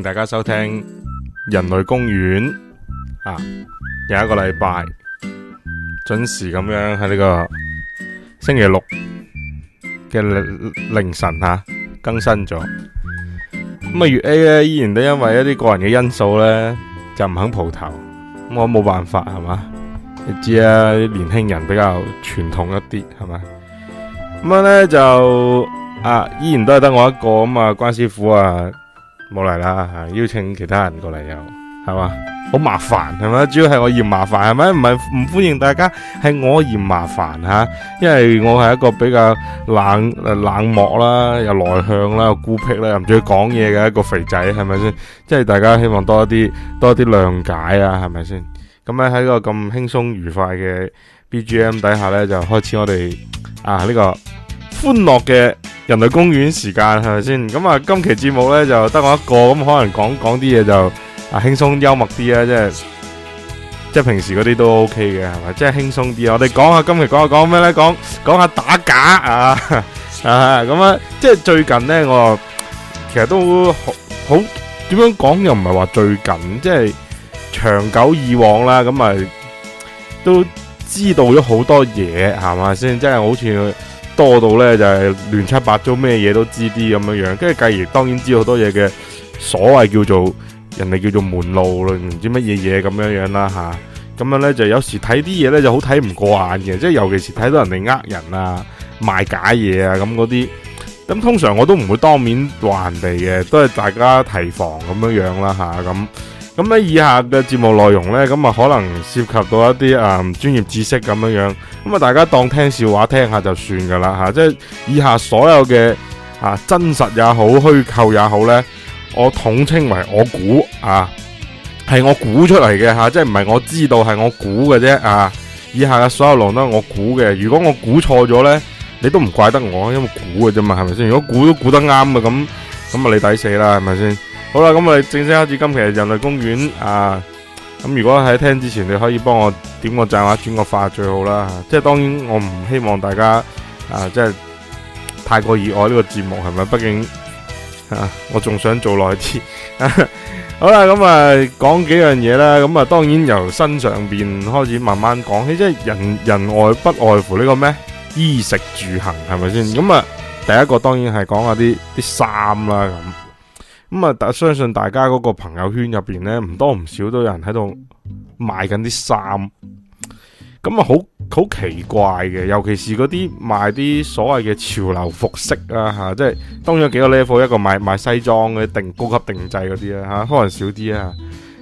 大家收聽人類公園啊，有一個禮拜準時咁樣喺呢個星期六嘅凌晨吓、啊、更新咗。咁啊，月 A 咧依然都因為一啲個人嘅因素咧就唔肯蒲頭，咁我冇辦法係嘛，你知啊，年輕人比較傳統一啲係嘛。咁咧就啊，依然都係得我一個咁啊，關師傅啊。冇嚟啦吓，邀請其他人過嚟又係嘛，好麻煩係咪？主要係我嫌麻煩係咪？唔係唔歡迎大家，係我嫌麻煩吓，因為我係一個比較冷冷漠啦，又內向啦，又孤僻啦，又唔中意講嘢嘅一個肥仔，係咪先？即係大家希望多一啲多一啲諒解啊，係咪先？咁咧喺個咁輕鬆愉快嘅 BGM 底下呢，就開始我哋啊呢個。歡樂嘅人類公園時間係咪先咁啊？今期節目咧就得我一個咁，可能講講啲嘢就啊輕鬆幽默啲啦，即係即係平時嗰啲都 OK 嘅係咪？即係輕鬆啲啊！我哋講下今期講下講咩咧？講講下打假啊啊咁啊！即係最近咧，我其實都好好點樣講又唔係話最近，即係長久以往啦。咁啊，都知道咗好多嘢係咪先？真係好似。多到咧就係亂七八糟咩嘢都知啲咁樣樣，跟住繼而當然知好多嘢嘅所謂叫做人哋叫做門路啦，唔知乜嘢嘢咁樣樣啦吓，咁樣咧就有時睇啲嘢咧就好睇唔過眼嘅，即係尤其是睇到人哋呃人啊、賣假嘢啊咁嗰啲，咁通常我都唔會當面話人哋嘅，都係大家提防咁樣樣啦吓咁。咁咧，以下嘅節目內容呢，咁啊可能涉及到一啲啊專業知識咁樣樣，咁啊大家當聽笑話聽下就算噶啦吓，即係以下所有嘅啊真實也好，虛構也好呢，我統稱為我估啊，係我估出嚟嘅吓，即係唔係我知道係我估嘅啫啊，以下嘅所有論都係我估嘅，如果我估錯咗呢，你都唔怪得我，因為估嘅啫嘛，係咪先？如果估都估得啱嘅咁，咁啊你抵死啦，係咪先？好啦，咁我正式開始今期人類公園啊！咁如果喺聽之前你可以幫我點個讚或轉個發最好啦。啊、即係當然我唔希望大家啊，即係太過熱愛呢個節目係咪？畢竟啊，我仲想做耐啲。 好啦，咁啊講幾樣嘢啦。咁啊，當然由身上邊開始慢慢講起，即係人人外不外乎呢、這個咩衣食住行係咪先？咁啊，第一個當然係講下啲啲衫啦咁。咁啊！相信大家嗰個朋友圈入邊咧，唔多唔少都有人喺度賣緊啲衫。咁啊好好奇怪嘅，尤其是嗰啲賣啲所謂嘅潮流服飾啊吓，即係當然有幾個 level，一個賣賣西裝嘅定高級定製嗰啲啦吓，可能少啲啊，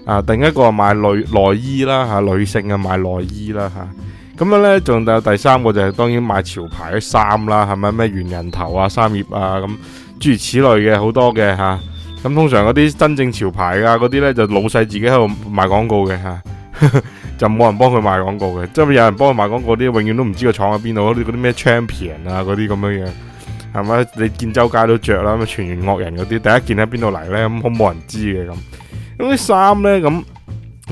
啊，定一個賣女內衣啦吓、啊，女性嘅賣內衣啦吓，咁樣咧仲有第三個就係當然賣潮牌嘅衫啦，係咪咩猿人頭啊、三葉啊咁諸如此類嘅好多嘅吓。啊咁通常嗰啲真正潮牌呵呵、就是、啊，嗰啲咧就老細自己喺度賣廣告嘅吓，就冇人幫佢賣廣告嘅。即係有人幫佢賣廣告啲，永遠都唔知個廠喺邊度，嗰啲嗰啲咩 Champion 啊嗰啲咁樣樣，係咪？你見周街都着啦，咁全員惡人嗰啲，第一件喺邊度嚟咧，咁好冇人知嘅咁。咁啲衫咧咁，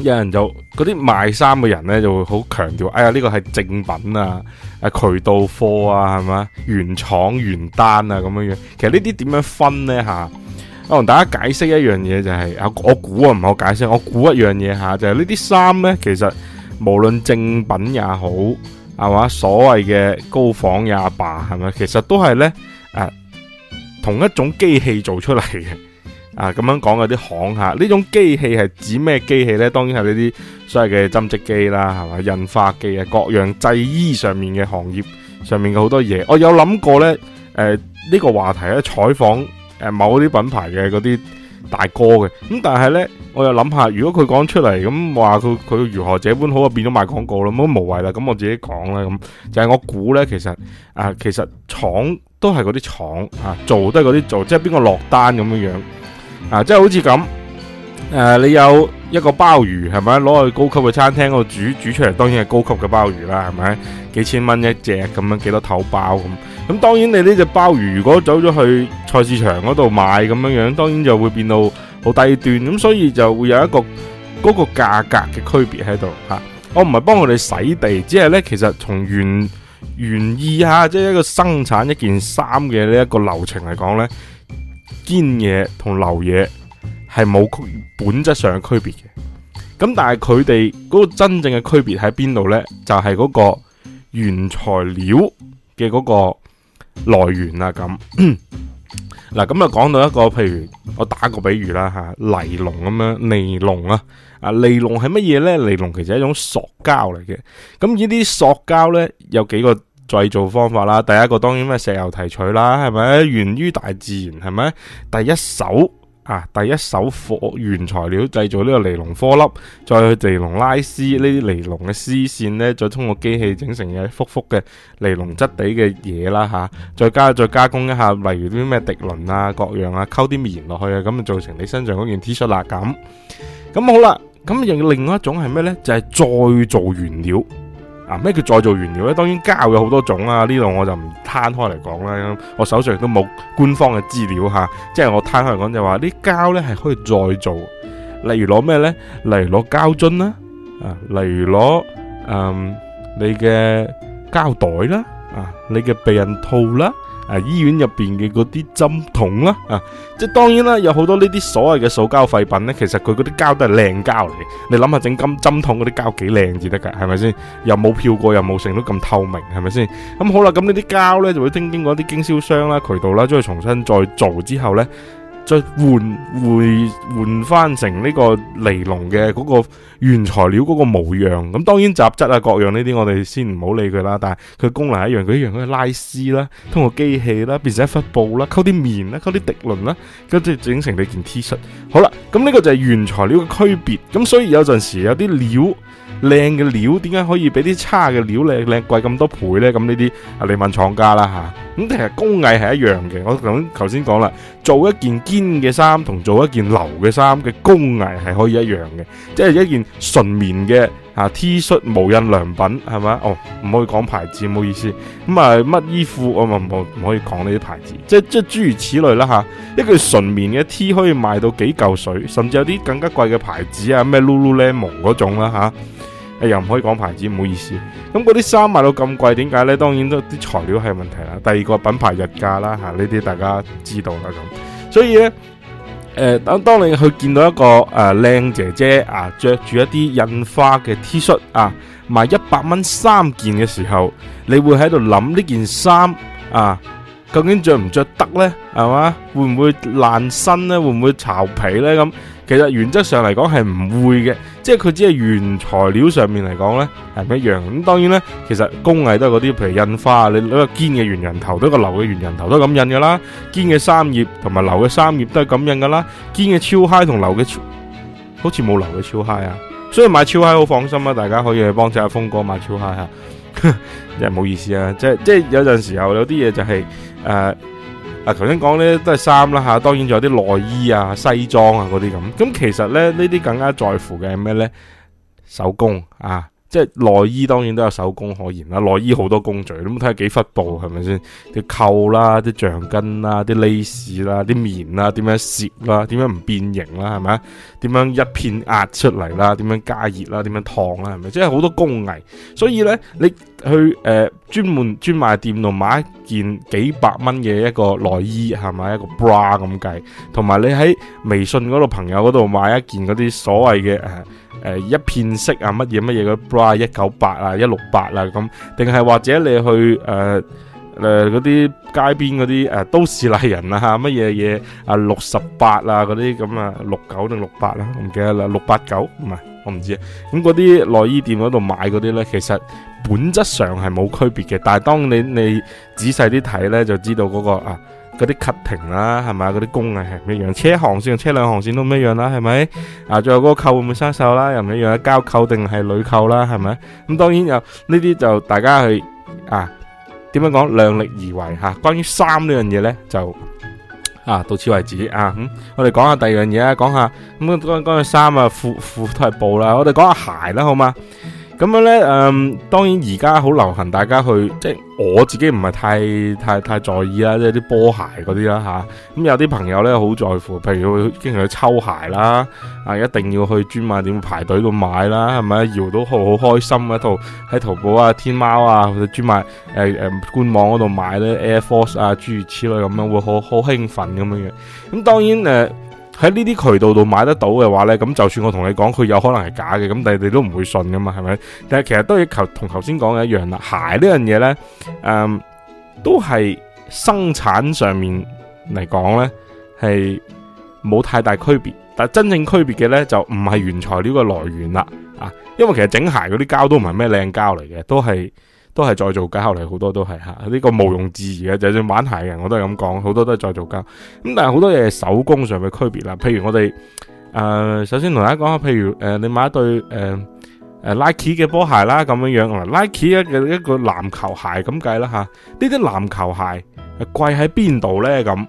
有人就嗰啲賣衫嘅人咧就會好強調，哎呀呢個係正品啊，啊渠道貨啊，係咪？原廠原單啊咁樣樣。其實呢啲點樣分呢？吓、啊？我同大家解釋一樣嘢就係、是、啊，我估啊唔係我解釋，我估一樣嘢吓，就係呢啲衫呢，其實無論正品也好，係嘛所謂嘅高仿也罷，係咪？其實都係呢，誒、啊，同一種機器做出嚟嘅啊，咁樣講有啲行下，呢種機器係指咩機器呢？當然係呢啲所謂嘅針織機啦，係嘛印花機啊，各樣製衣上面嘅行業上面嘅好多嘢，我有諗過呢，誒、呃、呢、呢個話題咧採訪。採訪。誒，某啲品牌嘅嗰啲大哥嘅。咁但係呢，我又諗下，如果佢講出嚟，咁話佢佢如何這般好啊，變咗賣廣告啦，咁無謂啦，咁我自己講啦，咁就係我估呢。其實啊，其實廠都係嗰啲廠啊，做都係嗰啲做，即係邊個落單咁樣樣啊，即係好似咁誒，你有。一個鮑魚係咪？攞去高級嘅餐廳嗰度煮煮出嚟，當然係高級嘅鮑魚啦，係咪？幾千蚊一隻咁樣，幾多頭鮑咁。咁當然你呢隻鮑魚如果走咗去菜市場嗰度買咁樣樣，當然就會變到好低端。咁所以就會有一個嗰個價格嘅區別喺度吓。我唔係幫佢哋洗地，只係呢，其實從原原意吓，即係一個生產一件衫嘅呢一個流程嚟講呢堅嘢同流嘢係冇本質上嘅區別嘅。咁但係佢哋嗰個真正嘅區別喺邊度呢？就係、是、嗰個原材料嘅嗰個來源啊。咁嗱，咁 就講到一個譬如，我打個比喻啦嚇，尼龍咁樣，尼龍啊，啊尼龍係乜嘢呢？尼龍其實係一種塑膠嚟嘅。咁呢啲塑膠呢，有幾個製造方法啦。第一個當然係石油提取啦，係咪？源於大自然，係咪？第一手。啊！第一手火原材料製造呢個尼龍顆粒，再去尼龍拉絲，龍絲呢啲尼龍嘅絲綫呢，再通過機器整成一幅幅嘅尼龍質地嘅嘢啦，吓、啊，再加再加工一下，例如啲咩滌綸啊、各樣啊，溝啲棉落去啊，咁就造成你身上嗰件 T 恤啦，咁，咁好啦，咁又另外一種係咩呢？就係、是、再做原料。啊，咩叫再造原料咧？當然膠有好多種啦，呢度我就唔攤開嚟講啦。我手上都冇官方嘅資料吓，即係我攤開嚟講就話啲膠咧係可以再造，例如攞咩咧？例如攞膠樽啦，啊，例如攞嗯你嘅膠袋啦，啊，你嘅避孕套啦。誒、啊，醫院入邊嘅嗰啲針筒啦，啊，即係當然啦，有好多呢啲所謂嘅塑膠廢品呢。其實佢嗰啲膠都係靚膠嚟。你諗下整金針筒嗰啲膠幾靚至得噶，係咪先？又冇漂過，又冇成到咁透明，係咪先？咁好啦，咁呢啲膠呢，就會聽經過嗰啲經銷商啦、渠道啦，將佢重新再做之後呢。再換回換翻成呢個尼龍嘅嗰個原材料嗰個模樣，咁當然雜質啊各樣呢啲我哋先唔好理佢啦，但係佢功能一樣，佢一樣可以拉絲啦，通過機器啦，變成一忽布啦，溝啲棉啦，溝啲滌綸啦，跟住整成你件 T 恤。好啦，咁呢個就係原材料嘅區別，咁所以有陣時有啲料，靚嘅料點解可以比啲差嘅料靚靚貴咁多倍呢？咁呢啲啊，你問廠家啦吓。咁其實工藝係一樣嘅，我咁頭先講啦，做一件堅嘅衫同做一件流嘅衫嘅工藝係可以一樣嘅，即係一件純棉嘅。吓 T 恤無印良品係咪？哦，唔可以講牌子，唔好意思，咁啊乜衣褲我唔唔唔可以講呢啲牌子，即即諸如此類啦吓，一句純棉嘅 T 可以賣到幾嚿水，甚至有啲更加貴嘅牌子啊，咩 Lululemon 嗰種啦吓，又唔可以講牌子，唔好意思，咁嗰啲衫賣到咁貴，點解呢？當然都啲材料係問題啦，第二個品牌溢價啦吓，呢啲大家知道啦咁，所以。呢。誒、呃，等當你去見到一個誒靚、呃、姐姐啊，着住一啲印花嘅 T 恤啊，賣一百蚊三件嘅時候，你會喺度諗呢件衫啊，究竟着唔着得呢？係嘛，會唔會爛身呢？會唔會巢皮呢？咁？其實原則上嚟講係唔會嘅，即係佢只係原材料上面嚟講咧係唔一樣。咁當然咧，其實工藝都係嗰啲，譬如印花你攞個堅嘅圓人頭，一個流嘅圓人頭都咁印噶啦。堅嘅三葉同埋流嘅三葉都係咁印噶啦。堅嘅超嗨同流嘅超，好似冇流嘅超嗨 i 啊！所以買超嗨好放心啊，大家可以去幫襯阿峰哥買超嗨 i g h 吓、啊。又唔好意思啊，即係即係有陣時候有啲嘢就係、是、誒。呃嗱、啊，頭先講咧都係衫啦嚇，當然仲有啲內衣啊、西裝啊嗰啲咁。咁其實咧呢啲更加在乎嘅係咩咧？手工啊！即係內衣當然都有手工可言啦，內衣好多工序，你睇下幾忽布係咪先？啲扣啦，啲橡筋啦，啲 lace 啦，啲棉啦，點樣摺啦，點樣唔變形啦，係咪？點樣一片壓出嚟啦？點樣加熱啦？點樣燙啦？係咪？即係好多工藝，所以咧，你去誒、呃、專門專賣店度買一件幾百蚊嘅一個內衣係咪一個 bra 咁計，同埋你喺微信嗰度朋友嗰度買一件嗰啲所謂嘅誒、呃，一片式啊，乜嘢乜嘢 bra 一九八啊，一六八啦，咁定係或者你去誒誒嗰啲街邊嗰啲誒都市麗人啊，乜嘢嘢啊六十八啊嗰啲咁啊六九定六八啦，唔記得啦六八九唔係我唔知咁嗰啲內衣店嗰度買嗰啲咧，其實本質上係冇區別嘅，但係當你你仔細啲睇咧，就知道嗰個啊。.嗰啲 cutting 啦，係咪啊？嗰啲工藝係咩樣？車行線同車輛行線都咩樣啦？係咪啊？最後嗰個扣會唔會生鏽啦？又唔一樣，膠扣定係鋁扣啦？係咪咁？當然又呢啲就大家去啊，點樣講量力而為吓。關於衫呢樣嘢咧，就啊到此為止啊。我哋講下第二樣嘢啦，講下咁講講下衫啊，褲褲都係布啦。我哋講下鞋啦，好嘛？咁樣咧，嗯，當然而家好流行，大家去即係我自己唔係太太太在意啦，即係啲波鞋嗰啲啦吓，咁、啊、有啲朋友咧好在乎，譬如佢經常去抽鞋啦，啊，一定要去專賣店排隊度買啦，係咪搖搖到好好開心一套，喺淘寶啊、天貓啊、或者專賣誒、呃呃、官網嗰度買呢 Air Force 啊諸如此類咁樣，會好好興奮咁樣嘅。咁當然誒。呃喺呢啲渠道度買得到嘅話呢，咁就算我同你講佢有可能係假嘅，咁但係你都唔會信噶嘛，係咪？但係其實都係求同頭先講嘅一樣啦。鞋呢樣嘢呢，誒、嗯，都係生產上面嚟講呢，係冇太大區別。但真正區別嘅呢，就唔係原材料嘅來源啦，啊，因為其實整鞋嗰啲膠都唔係咩靚膠嚟嘅，都係。都係再造膠，後嚟好多都係吓，呢、呢個毋庸置疑嘅。就算玩鞋嘅人，我都係咁講，好多都係再造膠。咁但係好多嘢手工上嘅區別啦。譬如我哋誒、呃，首先同大家講下，譬如誒、呃，你買一對誒誒 Nike 嘅波鞋啦，咁樣樣 Nike 一嘅一個籃球鞋咁計啦吓。呢啲籃球鞋貴喺邊度呢？咁？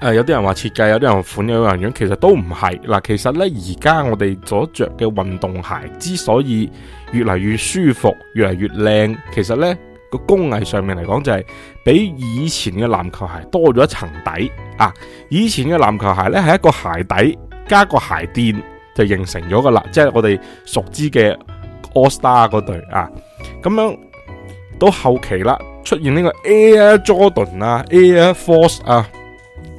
誒，有啲人話設計，有啲人話款有樣樣，其實都唔係嗱。其實呢，而家我哋所着嘅運動鞋之所以越嚟越舒服、越嚟越靚，其實呢個工藝上面嚟講，就係比以前嘅籃球鞋多咗一層底啊。以前嘅籃球鞋呢，係一個鞋底加個鞋墊，就形成咗個啦，即係我哋熟知嘅 All Star 嗰對啊。咁樣到後期啦，出現呢個 Air Jordan 啊，Air Force 啊。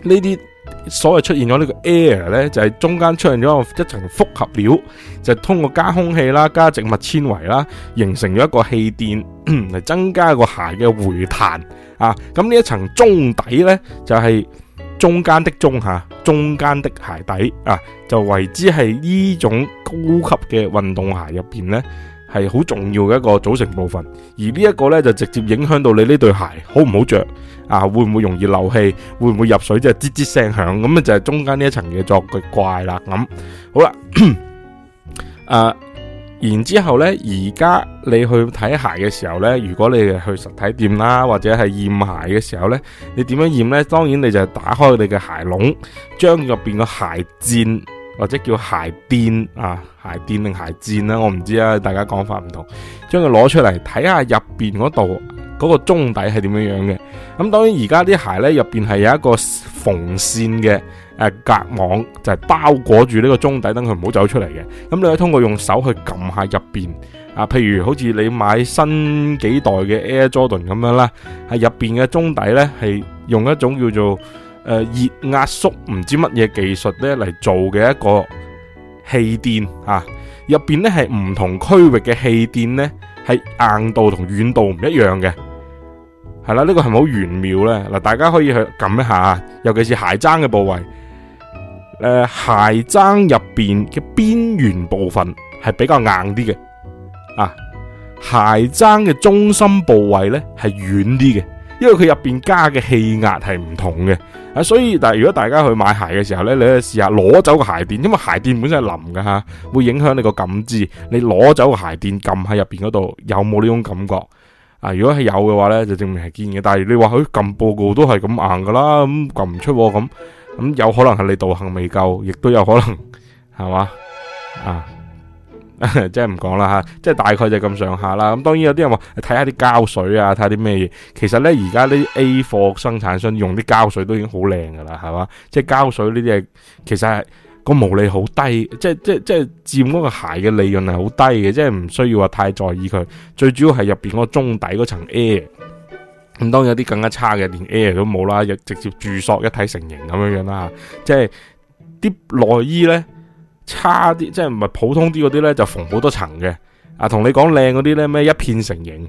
呢啲所謂出現咗呢個 air 呢，就係中間出現咗一層複合料，就係，通過加空氣啦、加植物纖維啦，形成咗一個氣墊嚟增加個鞋嘅回彈啊。咁呢一層中底呢，就係、是、中間的中下、中間的鞋底啊，就為之係呢種高級嘅運動鞋入邊呢，係好重要嘅一個組成部分。而呢一個呢，就直接影響到你呢對鞋好唔好着。啊，會唔會容易漏氣？會唔會入水就吱吱聲響？咁就係中間呢一層嘢作怪啦。咁好啦，誒、啊，然之後呢，而家你去睇鞋嘅時候呢，如果你係去實體店啦，或者係驗鞋嘅時候呢，你點樣驗呢？當然你就係打開你嘅鞋籠，將入邊個鞋墊或者叫鞋墊啊，鞋墊定鞋墊啦，我唔知啊，大家講法唔同，將佢攞出嚟睇下入邊嗰度。看看嗰、那個中底係點樣樣嘅？咁當然而家啲鞋呢入面係有一個縫線嘅誒、呃、格網，就係、是、包裹住呢個中底，等佢唔好走出嚟嘅。咁你可以通過用手去撳下入面，啊，譬如好似你買新幾代嘅 Air Jordan 咁樣啦，係入面嘅中底呢，係用一種叫做、呃、熱壓縮唔知乜嘢技術呢嚟做嘅一個氣墊啊，入面呢係唔同區域嘅氣墊呢係硬度同軟度唔一樣嘅。係啦，呢個係咪好玄妙呢？嗱，大家可以去撳一下，尤其是鞋踭嘅部位。誒、呃，鞋踭入邊嘅邊緣部分係比較硬啲嘅，啊，鞋踭嘅中心部位呢係軟啲嘅，因為佢入邊加嘅氣壓係唔同嘅。啊，所以但係如果大家去買鞋嘅時候呢，你試下攞走個鞋墊，因為鞋墊本身係腍嘅吓，會影響你個感知。你攞走個鞋墊撳喺入邊嗰度，有冇呢種感覺？啊！如果係有嘅話咧，就證明係堅嘅。但係你話，佢、哎、撳報告都係咁硬噶啦，咁撳唔出咁、哦，咁有可能係你道行未夠，亦都有可能，係嘛？啊，即係唔講啦吓，即係大概就咁上下啦。咁當然有啲人話睇下啲膠水啊，睇下啲咩嘢。其實咧，而家啲 A 貨生產商用啲膠水都已經好靚噶啦，係嘛？即係膠水呢啲嘢，其實係。個毛利好低，即係即係即係佔嗰個鞋嘅利潤係好低嘅，即係唔需要話太在意佢。最主要係入邊嗰個中底嗰層 air，咁當然有啲更加差嘅，連 air 都冇啦，直接注塑一體成型咁樣樣啦。即係啲內衣呢，差啲，即係唔係普通啲嗰啲呢，就縫好多層嘅。啊，同你講靚嗰啲呢，咩，一片成型。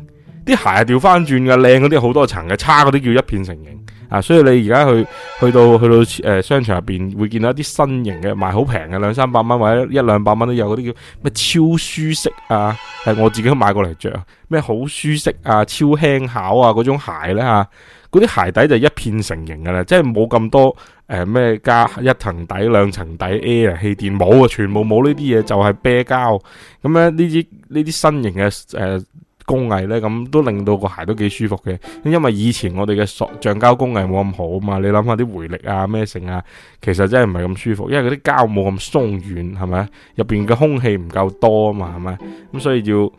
啲鞋係調翻轉嘅，靚嗰啲好多層嘅，差嗰啲叫一片成型啊！所以你而家去去到去到誒商場入邊，會見到一啲新型嘅賣好平嘅，兩三百蚊或者一兩百蚊都有嗰啲叫咩超舒適啊，係我自己都買過嚟着，咩好舒適啊，超輕巧啊嗰種鞋咧吓，嗰啲鞋底就是一片成型嘅啦，即係冇咁多誒咩、呃、加一層底兩層底 Air 氣墊冇啊，全部冇呢啲嘢，就係、是、啤膠咁咧。呢啲呢啲新型嘅誒。呃工藝咧，咁都令到個鞋都幾舒服嘅，因為以前我哋嘅塑橡膠工藝冇咁好啊嘛，你諗下啲回力啊咩性啊，其實真係唔係咁舒服，因為嗰啲膠冇咁鬆軟係咪？入邊嘅空氣唔夠多啊嘛係咪？咁所以要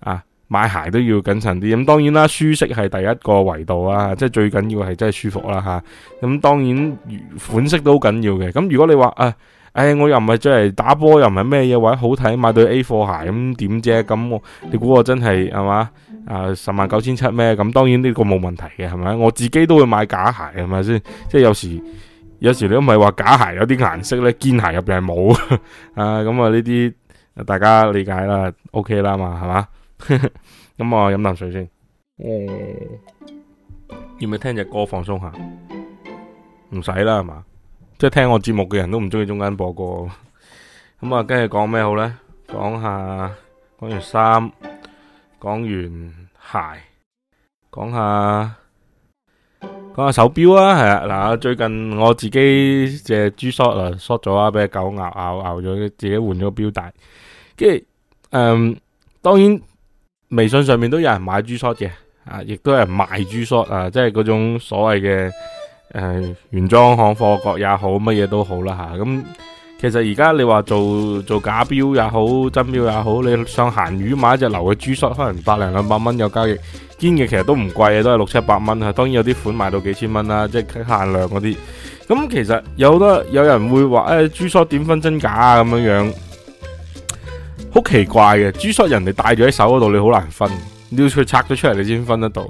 啊買鞋都要謹慎啲，咁當然啦，舒適係第一個維度啦，即係最緊要係真係舒服啦吓。咁當然款式都好緊要嘅，咁如果你話啊。誒、哎，我又唔係着嚟打波，又唔係咩嘢，或者好睇，買對 A 貨鞋咁點啫？咁我你估我真係係嘛？啊，十萬九千七咩？咁當然呢個冇問題嘅，係咪？我自己都會買假鞋，係咪先？即係有時，有時你都唔係話假鞋有啲顏色咧，堅鞋入邊係冇啊。咁啊，呢啲大家理解啦，OK 啦嘛，係嘛？咁 我飲啖水先。誒、嗯，要唔要聽隻歌放鬆下？唔使啦，係嘛？即係聽我節目嘅人都唔中意中間播歌，咁啊，跟住講咩好呢？講下講完衫，講完鞋，講下講下手錶啊，係啊，嗱，最近我自己隻珠縮啊縮咗啊，俾狗咬咬咬咗，自己換咗個錶帶。跟住，嗯，當然微信上面都有人買珠縮嘅，啊，亦都有人賣珠縮啊，即係嗰種所謂嘅。誒、呃，原裝行貨國也好，乜嘢都好啦吓。咁、啊、其實而家你話做做假表也好，真表也好，你上鹹魚買一隻流嘅 G-Shock，可能百零兩百蚊有交易，堅嘅其實都唔貴啊，都係六七百蚊啊。當然有啲款賣到幾千蚊啦、啊，即係限量嗰啲。咁、啊、其實有得有人會話誒，G-Shock 點分真假啊？咁樣樣好奇怪嘅，G-Shock 人哋戴住喺手嗰度，你好難分，你要佢拆咗出嚟你先分得到。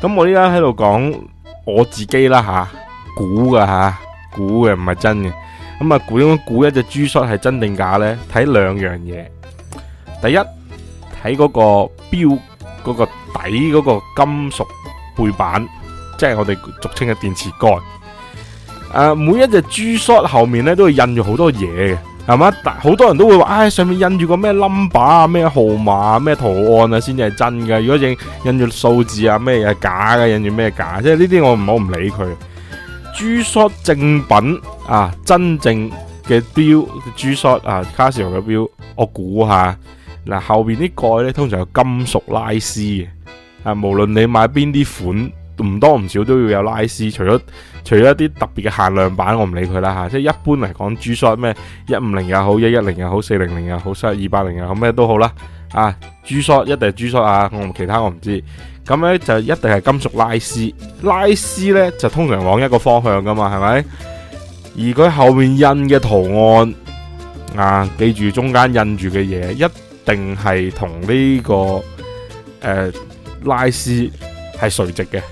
咁、啊、我依家喺度講。我自己啦吓，估噶吓，估嘅唔係真嘅。咁啊，估估，估一隻 G-Shock 係真定假咧？睇兩樣嘢。第一，睇嗰個標，嗰個底，嗰個金屬背板，即係我哋俗稱嘅電池蓋。誒，每一隻 G-Shock 後面咧，都會印咗好多嘢嘅。係嘛？好多人都會話，唉、哎，上面印住個咩 number 啊，咩號碼咩圖案啊，先至係真嘅。如果印印住數字啊，咩係假嘅？印住咩假，假？即係呢啲我唔好唔理佢。G-Shock 正品啊，真正嘅表，G-Shock 啊，卡西歐嘅表，我估下，嗱、啊、後邊啲蓋咧，通常有金屬拉絲嘅啊。無論你買邊啲款。唔多唔少都要有拉絲，除咗除咗一啲特別嘅限量版，我唔理佢啦吓。即係一般嚟講，G-Shock 咩一五零又好，一一零又好，四零零又好，縮二八零又好，咩都好啦。啊，G-Shock 一定係 G-Shock 啊！我其他我唔知。咁咧就一定係金屬拉絲，拉絲咧就通常往一個方向噶嘛，係咪？而佢後面印嘅圖案啊，記住中間印住嘅嘢一定係同呢個誒、呃、拉絲係垂直嘅。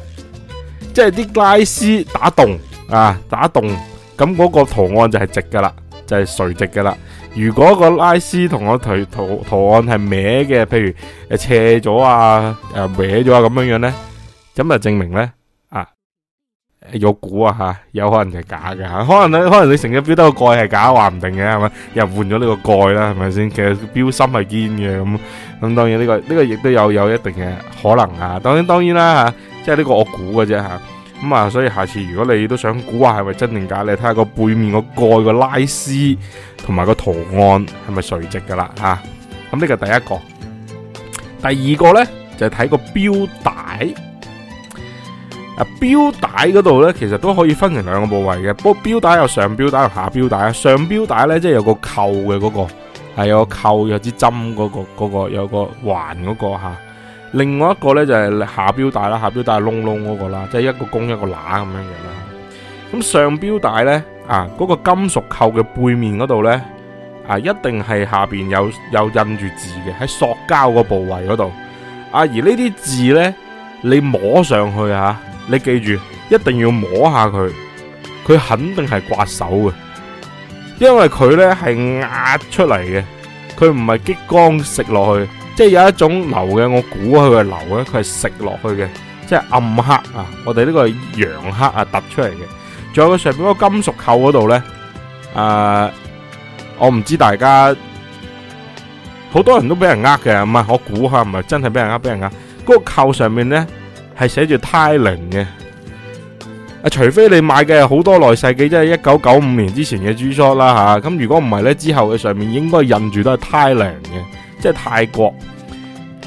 即係啲拉絲打洞啊，打洞咁嗰個圖案就係直噶啦，就係、是、垂直噶啦。如果那個拉絲同我條圖圖案係歪嘅，譬如誒斜咗啊，誒歪咗啊咁樣樣咧，咁啊證明咧啊有估啊吓，有可能係假嘅吓、啊，可能你可能你成日表得個蓋係假，話唔定嘅係又換咗呢個蓋啦，係咪先？其實表芯係堅嘅，咁咁當然呢、這個呢、這個亦都有有一定嘅可能啊。當然當然啦吓。啊即係呢個我估嘅啫吓，咁啊，所以下次如果你都想估下係咪真定假，你睇下個背面個蓋個拉絲同埋個圖案係咪垂直噶啦吓。咁呢個第一個，第二個呢，就係睇個錶帶，啊錶帶嗰度呢，其實都可以分成兩個部位嘅，不過錶帶有上錶帶有下錶帶，那個那個那個那個，啊，上錶帶呢，即係有個扣嘅嗰個，係有個扣有支針嗰個，嗰個有個環嗰個吓。另外一個咧就係下表帶啦，下表帶係窿窿嗰個啦，即係一個公一個乸咁樣嘅啦。咁上表帶咧啊，嗰個金屬扣嘅背面嗰度咧啊，一定係下邊有有印住字嘅，喺塑膠個部位嗰度。啊，而呢啲字咧，你摸上去啊，你記住一定要摸下佢，佢肯定係刮手嘅，因為佢咧係壓出嚟嘅，佢唔係激光食落去。即係有一種流嘅，我估佢嘅流嘅，佢係食落去嘅，即係暗黑啊！我哋呢個係陽黑啊，凸出嚟嘅。仲有佢上面嗰個金屬扣嗰度咧，啊、呃，我唔知大家好多人都俾人呃嘅，唔我估下唔係真係俾人呃，俾人呃嗰、那個扣上面咧係寫住泰靈嘅啊，除非你買嘅好多內世紀，即係一九九五年之前嘅 G-Shock 啦嚇，咁如果唔係咧，之後嘅上面應該印住都係泰靈嘅。即係泰國，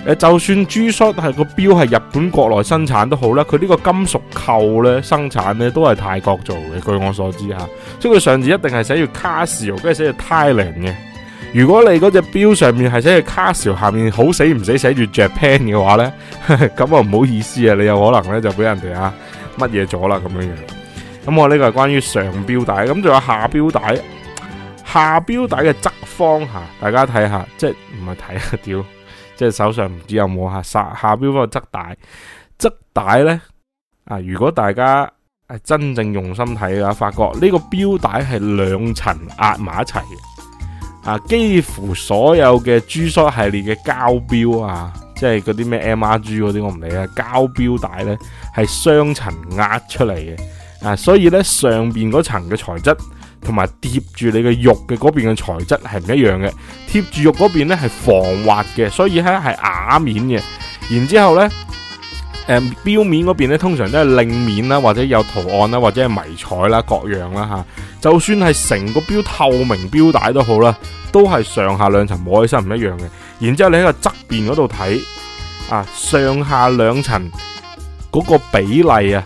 誒，就算 G-Shock 係個錶係日本國內生產都好啦，佢呢個金屬扣咧生產咧都係泰國做嘅。據我所知吓，即係佢上字一定係寫住 Casio，跟住寫住 Thailand 嘅。如果你嗰隻錶上面係寫住 Casio，下面好死唔死寫住 Japan 嘅話咧，咁啊唔好意思啊，你有可能咧就俾人哋啊乜嘢咗啦咁樣樣。咁我呢個係關於上錶帶，咁仲有下錶帶，下錶帶嘅質。下大家睇下，即係唔係睇啊，屌！即係手上唔知有冇吓，下下表幫側帶，側帶呢，啊！如果大家係真正用心睇嘅話，發覺呢個表帶係兩層壓埋一齊嘅啊！幾乎所有嘅 G Shock 系列嘅膠表啊，即係嗰啲咩 MRG 嗰啲，我唔理啊。膠表帶呢係雙層壓出嚟嘅啊，所以呢上邊嗰層嘅材質同埋貼住你嘅肉嘅嗰邊嘅材質係唔一樣嘅，貼住肉嗰邊呢係防滑嘅，所以係係瓦面嘅。然之後呢，誒，表、呃、面嗰邊呢，通常都係令面啦，或者有圖案啦，或者係迷彩啦，各樣啦吓。啊、就算係成個表透明表帶都好啦，都係上下兩層摸起身唔一樣嘅。然之後你喺個側邊嗰度睇啊，上下兩層嗰個比例啊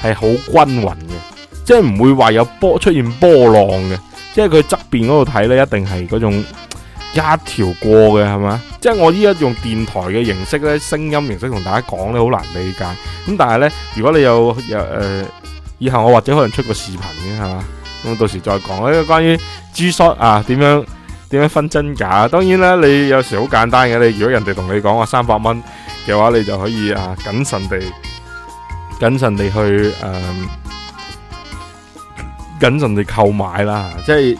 係好均匀嘅。即係唔會話有波出現波浪嘅，即係佢側邊嗰度睇呢，一定係嗰種一條過嘅，係嘛？即係我依家用電台嘅形式呢，聲音形式同大家講呢，好難理解。咁但係呢，如果你有有誒、呃，以後我或者可能出個視頻嘅，係嘛？咁到時再講呢個關於 G-Shock 啊，點樣點樣分真假？當然啦，你有時好簡單嘅，你如果人哋同你講話三百蚊嘅話，你就可以啊謹慎地謹慎地去誒。嗯謹慎地購買啦，即係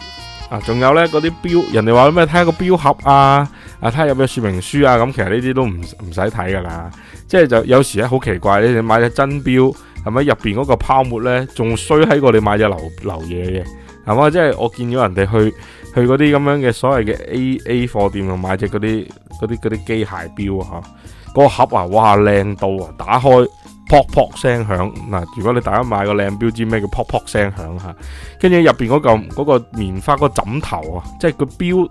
啊，仲有咧嗰啲錶，人哋話咩睇下個錶盒啊，啊睇下有咩說明書啊，咁其實呢啲都唔唔使睇噶啦，即係就有時咧好奇怪，你買隻真錶，係咪入邊嗰個泡沫咧仲衰喺過你買隻流流嘢嘅，係咪啊？即係我見咗人哋去去嗰啲咁樣嘅所謂嘅 A A 貨店度買隻嗰啲啲啲機械錶啊，個盒啊，哇靚到啊，打開。撲撲聲響嗱，如果你大家買個靚表，知咩叫撲撲聲響吓？跟住入邊嗰嚿個棉花，嗰個枕頭啊，即係個表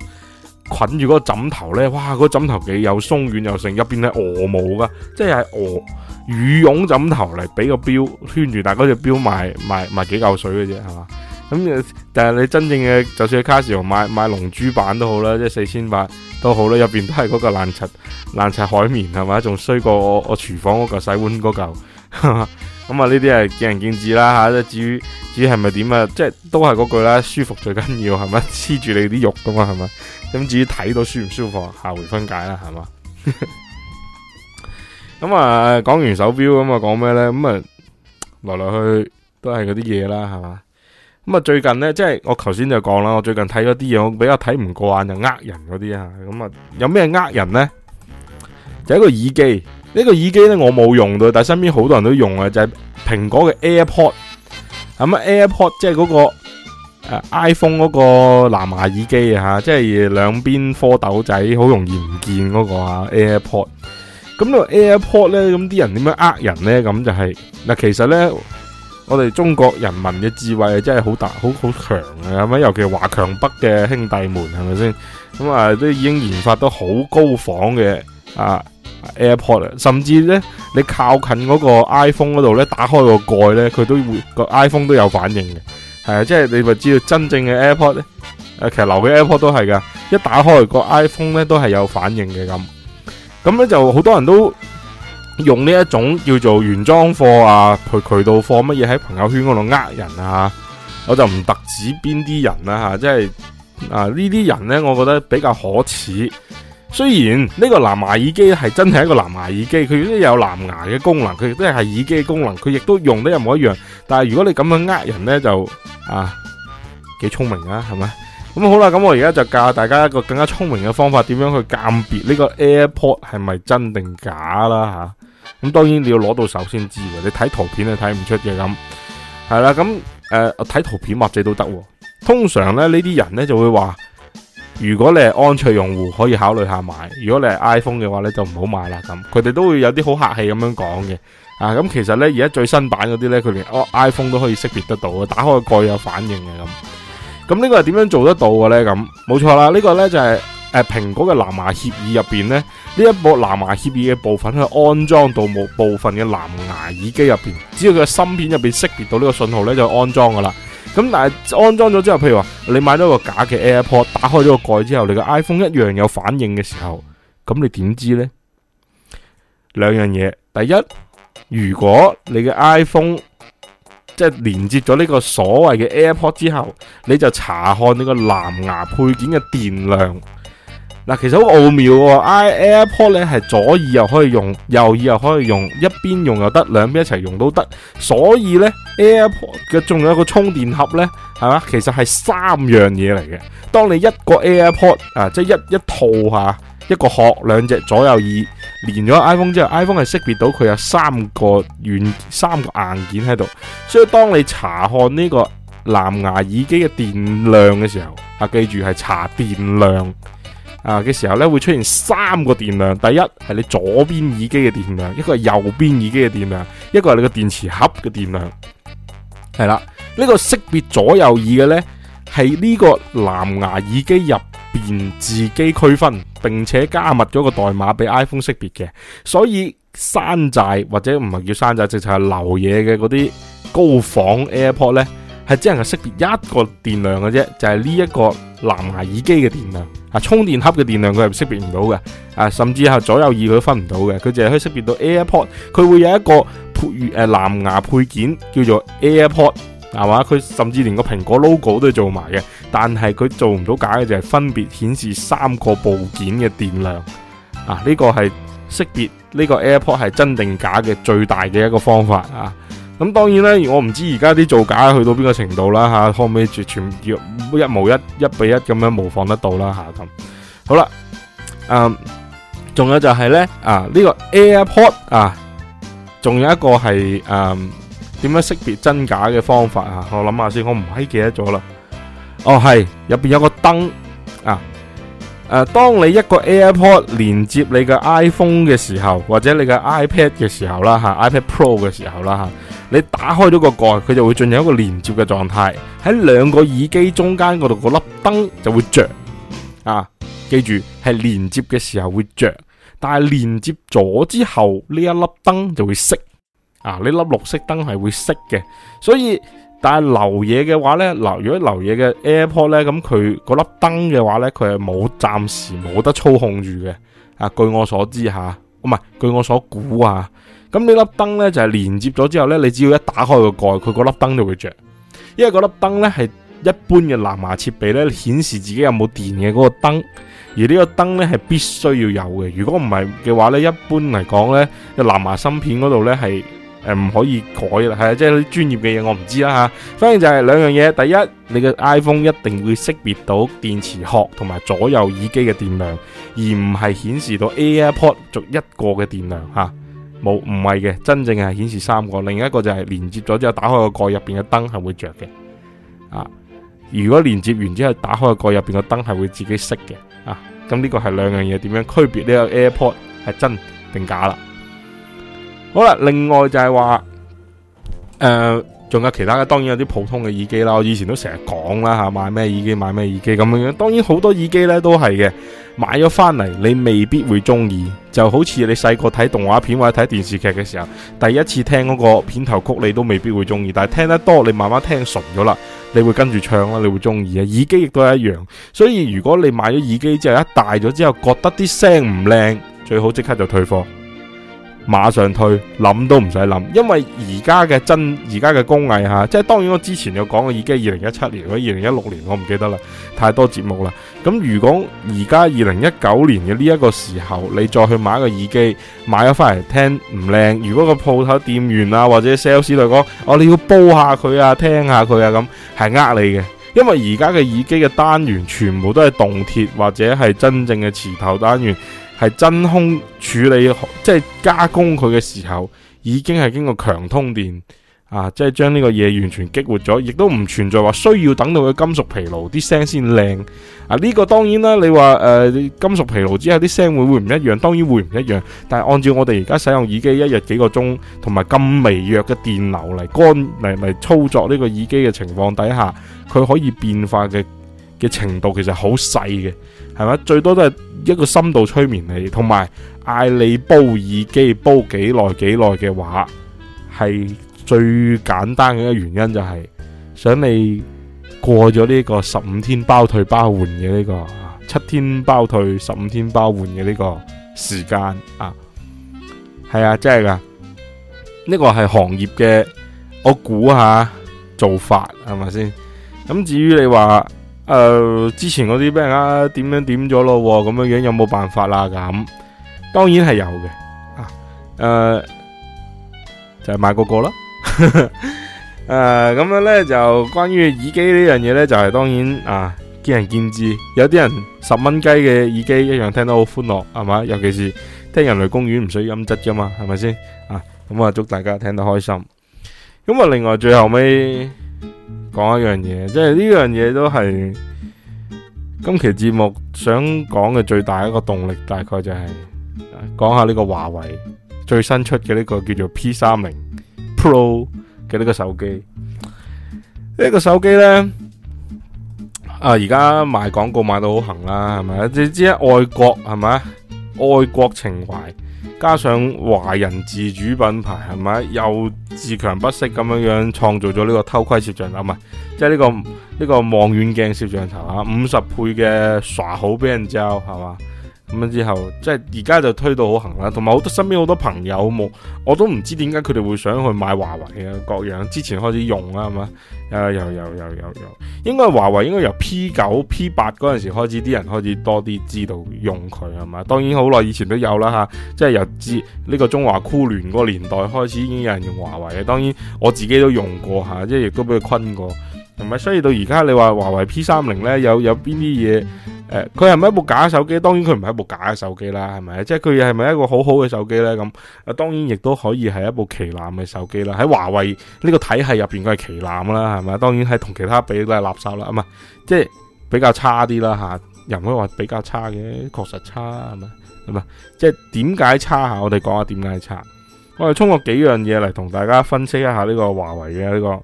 捆住個枕頭咧，哇！嗰、嗰個枕頭幾又鬆軟又成，入邊係鵝毛噶，即係鵝羽絨枕頭嚟俾個表圈住，但嗰隻表賣賣賣賣幾嚿水嘅啫，係嘛？咁但係你真正嘅，就算 Casio 買買龍珠版都好啦，即係四千八都好啦，入邊都係嗰個爛柒爛柒海綿係咪？仲衰過我我廚房嗰個洗碗嗰嚿。咁啊，呢啲係見仁見智啦吓，即至於至於係咪點啊，即係都係嗰句啦，舒服最緊要係咪？黐住你啲肉噶嘛係咪？咁至於睇到舒唔舒服，下回分解啦係嘛。咁啊，講 完手表咁啊，講咩咧？咁啊，來來去都係嗰啲嘢啦，係嘛。咁啊，最近咧，即係我頭先就講啦。我最近睇咗啲嘢，我比較睇唔慣就呃人嗰啲啊。咁啊，有咩呃人呢？就係、一個耳機，呢個耳機咧，我冇用到，但係身邊好多人都用啊，就係、係、蘋果嘅 AirPod、嗯。咁啊，AirPod 即係嗰、嗰個啊 iPhone 嗰個藍牙耳機啊吓，即係兩邊蝌蚪仔好容易唔見嗰、嗰個啊 AirPod。咁、嗯、呢個 AirPod 咧，咁啲人點樣呃人呢？咁就係、係、嗱，其實咧。我哋中國人民嘅智慧真係好大，好好強啊！咁啊，尤其華強北嘅兄弟們係咪先？咁啊，都已經研發到好高仿嘅啊 AirPod，甚至咧你靠近嗰個 iPhone 嗰度咧，打開個蓋咧，佢都會個 iPhone 都有反應嘅。係啊，即係你咪知道真正嘅 AirPod 咧，誒，其實流嘅 AirPod 都係噶，一打開個 iPhone 咧都係有反應嘅咁。咁咧就好多人都。用呢一種叫做原裝貨啊，渠渠道貨乜嘢喺朋友圈嗰度呃人啊，我就唔特指邊啲人啦、啊、吓，即係啊呢啲人呢，我覺得比較可恥。雖然呢個藍牙耳機係真係一個藍牙耳機，佢都有藍牙嘅功能，佢亦都係耳機嘅功能，佢亦都用得一模一樣。但係如果你咁樣呃人呢，就啊幾聰明啊，係咪？咁好啦，咁我而家就教大家一個更加聰明嘅方法，點樣去鑒別呢個 AirPod 係咪真定假啦、啊、吓。咁當然你要攞到手先知嘅，你睇圖片係睇唔出嘅咁，係啦咁誒，睇、呃、圖片或者都得。通常咧呢啲人咧就會話，如果你係安卓用戶可以考慮下買，如果你係 iPhone 嘅話咧就唔好買啦咁。佢哋都會有啲好客氣咁樣講嘅。啊，咁其實咧而家最新版嗰啲咧，佢連哦 iPhone 都可以識別得到嘅，打開個蓋有反應嘅咁。咁呢個係點樣做得到嘅咧？咁冇錯啦，這個、呢個咧就係誒蘋果嘅藍牙協議入邊咧。呢一部藍牙協議嘅部分去安裝到某部分嘅藍牙耳機入邊，只要佢嘅芯片入邊識別到呢個信號呢就安裝噶啦。咁但係安裝咗之後，譬如話你買到個假嘅 AirPod，打開咗個蓋之後，你嘅 iPhone 一樣有反應嘅時候，咁你點知呢？兩樣嘢，第一，如果你嘅 iPhone 即係連接咗呢個所謂嘅 AirPod 之後，你就查看你個藍牙配件嘅電量。嗱，其實好奧妙喎、哦。AirPod 咧係左耳又可以用，右耳又可以用，一邊用又得，兩邊一齊用都得。所以咧，AirPod 嘅仲有一個充電盒咧，係嘛？其實係三樣嘢嚟嘅。當你一個 AirPod 啊，即係一一套下一個殼，兩隻左右耳連咗 iPhone 之後，iPhone 係識別到佢有三個軟三個硬件喺度。所以當你查看呢個藍牙耳機嘅電量嘅時候，啊，記住係查電量。啊嘅時候咧，會出現三個電量，第一係你左邊耳機嘅電量，一個係右邊耳機嘅電量，一個係你個電池盒嘅電量，係啦。呢個識別左右耳嘅呢，係呢個藍牙耳機入邊自己區分，並且加密咗個代碼俾 iPhone 識別嘅，所以山寨或者唔係叫山寨，直情係流嘢嘅嗰啲高仿 AirPod 呢。係只能係識別一個電量嘅啫，就係呢一個藍牙耳機嘅電量啊，充電盒嘅電量佢係識別唔到嘅啊，甚至係左右耳佢都分唔到嘅，佢淨係可以識別到 AirPod，佢會有一個配誒、啊、藍牙配件叫做 AirPod，係嘛？佢甚至連個蘋果 logo 都做埋嘅，但係佢做唔到假嘅就係、是、分別顯示三個部件嘅電量啊，呢、這個係識別呢、這個 AirPod 係真定假嘅最大嘅一個方法啊。咁當然啦，我唔知而家啲造假去到邊個程度啦，嚇可唔可以全全要一模一一比一咁樣模仿得到啦，嚇、啊、咁好啦。嗯，仲有就係咧啊，呢、呢個 AirPod 啊，仲有一個係嗯點樣識別真假嘅方法啊？我諗下先，我唔係記得咗啦。哦、啊，係入邊有個燈啊。誒、啊，當你一個 AirPod 連接你嘅 iPhone 嘅時候，或者你嘅 iPad 嘅時候啦，嚇、啊、iPad Pro 嘅時候啦，嚇、啊。你打開咗個蓋，佢就會進入一個連接嘅狀態，喺兩個耳機中間嗰度，個粒燈就會着啊！記住係連接嘅時候會着，但係連接咗之後呢，一粒燈就會熄啊！呢粒綠色燈係會熄嘅，所以但係留嘢嘅話呢，留如果留嘢嘅 AirPod 呢，咁佢個粒燈嘅話呢，佢係冇暫時冇得操控住嘅啊！據我所知吓，唔、啊、係據我所估啊。咁呢粒燈咧就係、是、連接咗之後咧，你只要一打開個蓋，佢嗰粒燈就會着。因為嗰粒燈咧係一般嘅藍牙設備咧顯示自己有冇電嘅嗰個燈，而個燈呢個燈咧係必須要有嘅。如果唔係嘅話咧，一般嚟講咧，藍牙芯片嗰度咧係誒唔可以改嘅。係、就是、啊，即係啲專業嘅嘢我唔知啦吓。反正就係兩樣嘢，第一，你嘅 iPhone 一定會識別到電池殼同埋左右耳機嘅電量，而唔係顯示到 AirPods 逐一個嘅電量吓。啊冇，唔係嘅，真正係顯示三個，另一個就係連接咗之後打開個蓋入邊嘅燈係會着嘅。啊，如果連接完之後打開個蓋入邊嘅燈係會自己熄嘅。啊，咁呢個係兩樣嘢點樣區別呢個 AirPod 係真定假啦？好啦，另外就係話，誒、呃，仲有其他嘅，當然有啲普通嘅耳機啦。我以前都成日講啦，吓，買咩耳機買咩耳機咁樣。當然好多耳機呢都係嘅。買咗翻嚟，你未必會中意，就好似你細個睇動畫片或者睇電視劇嘅時候，第一次聽嗰個片頭曲，你都未必會中意。但係聽得多，你慢慢聽熟咗啦，你會跟住唱啦，你會中意啊。耳機亦都係一樣，所以如果你買咗耳機之後一戴咗之後覺得啲聲唔靚，最好即刻就退貨，馬上退，諗都唔使諗，因為而家嘅真而家嘅工藝吓，即係當然我之前有講過耳機，二零一七年或者二零一六年，我唔記得啦，太多節目啦。咁如果而家二零一九年嘅呢一個時候，你再去買一個耳機，買咗翻嚟聽唔靚，如果個鋪頭店員啊或者 sales 嚟講，我、哦、你要煲下佢啊，聽下佢啊，咁係呃你嘅，因為而家嘅耳機嘅單元全部都係動鐵或者係真正嘅磁頭單元，係真空處理，即、就、係、是、加工佢嘅時候已經係經過強通電。啊，即係將呢個嘢完全激活咗，亦都唔存在話需要等到佢金屬疲勞啲聲先靚。啊，呢、這個當然啦，你話誒、呃、金屬疲勞之後啲聲會會唔一樣？當然會唔一樣。但係按照我哋而家使用耳機一日幾個鐘，同埋咁微弱嘅電流嚟干嚟嚟操作呢個耳機嘅情況底下，佢可以變化嘅嘅程度其實好細嘅，係咪？最多都係一個深度催眠器，同埋嗌你煲耳機煲幾耐幾耐嘅話係。最簡單嘅一個原因就係、是、想你過咗呢個十五天包退包換嘅呢個啊，七天包退，十五天包換嘅呢個時間啊，係啊，真係噶，呢、這個係行業嘅，我估下做法係咪先？咁至於你話誒、呃、之前嗰啲俾人家點樣點咗咯，咁樣樣有冇辦法啦？咁當然係有嘅啊，誒、呃、就係、是、買個個啦。誒、 呃，咁樣咧就關於耳機呢樣嘢咧，就係、是、當然啊見仁見智，有啲人十蚊雞嘅耳機一樣聽得好歡樂，係嘛？尤其是聽人類公園唔需要音質噶嘛，係咪先？啊，咁、嗯、啊祝大家聽得開心。咁啊，另外最後尾講一樣嘢，即係呢樣嘢都係今期節目想講嘅最大一個動力，大概就係講下呢個華為最新出嘅呢個叫做 P 三零。Pro 嘅呢個手機，呢、這個手機呢，啊而家賣廣告賣到好行啦，係咪？你知愛國係咪？愛國情懷加上華人自主品牌係咪？又自強不息咁樣樣，創造咗呢個偷窺攝像頭啊，唔係，即係呢個呢、這個望遠鏡攝像頭啊，五十倍嘅耍好俾人就係嘛。咁之後，即係而家就推到好行啦。同埋好多身邊好多朋友冇，我都唔知點解佢哋會想去買華為啊，各樣之前開始用啦，係嘛？誒，又又又又又，應該華為應該由 P 九、P 八嗰陣時開始，啲人開始多啲知道用佢係嘛？當然好耐以前都有啦吓、啊，即係由自呢個中華酷聯嗰個年代開始，已經有人用華為嘅。當然我自己都用過吓、啊，即係亦都俾佢昆過。係咪？所以到而家你話華為 P 三零咧，有有邊啲嘢？誒、呃，佢係咪一部假手機？當然佢唔係一部假嘅手機啦，係咪？即係佢係咪一個好好嘅手機咧？咁啊，當然亦都可以係一部旗艦嘅手機啦。喺華為呢個體系入邊，佢係旗艦啦，係咪？當然係同其他比都係垃圾啦，啊嘛，即係比較差啲啦吓，又唔可以話比較差嘅，確實差係咪？係咪？即係點解差吓？我哋講下點解差。我哋通過幾樣嘢嚟同大家分析一下呢個華為嘅呢、呢個。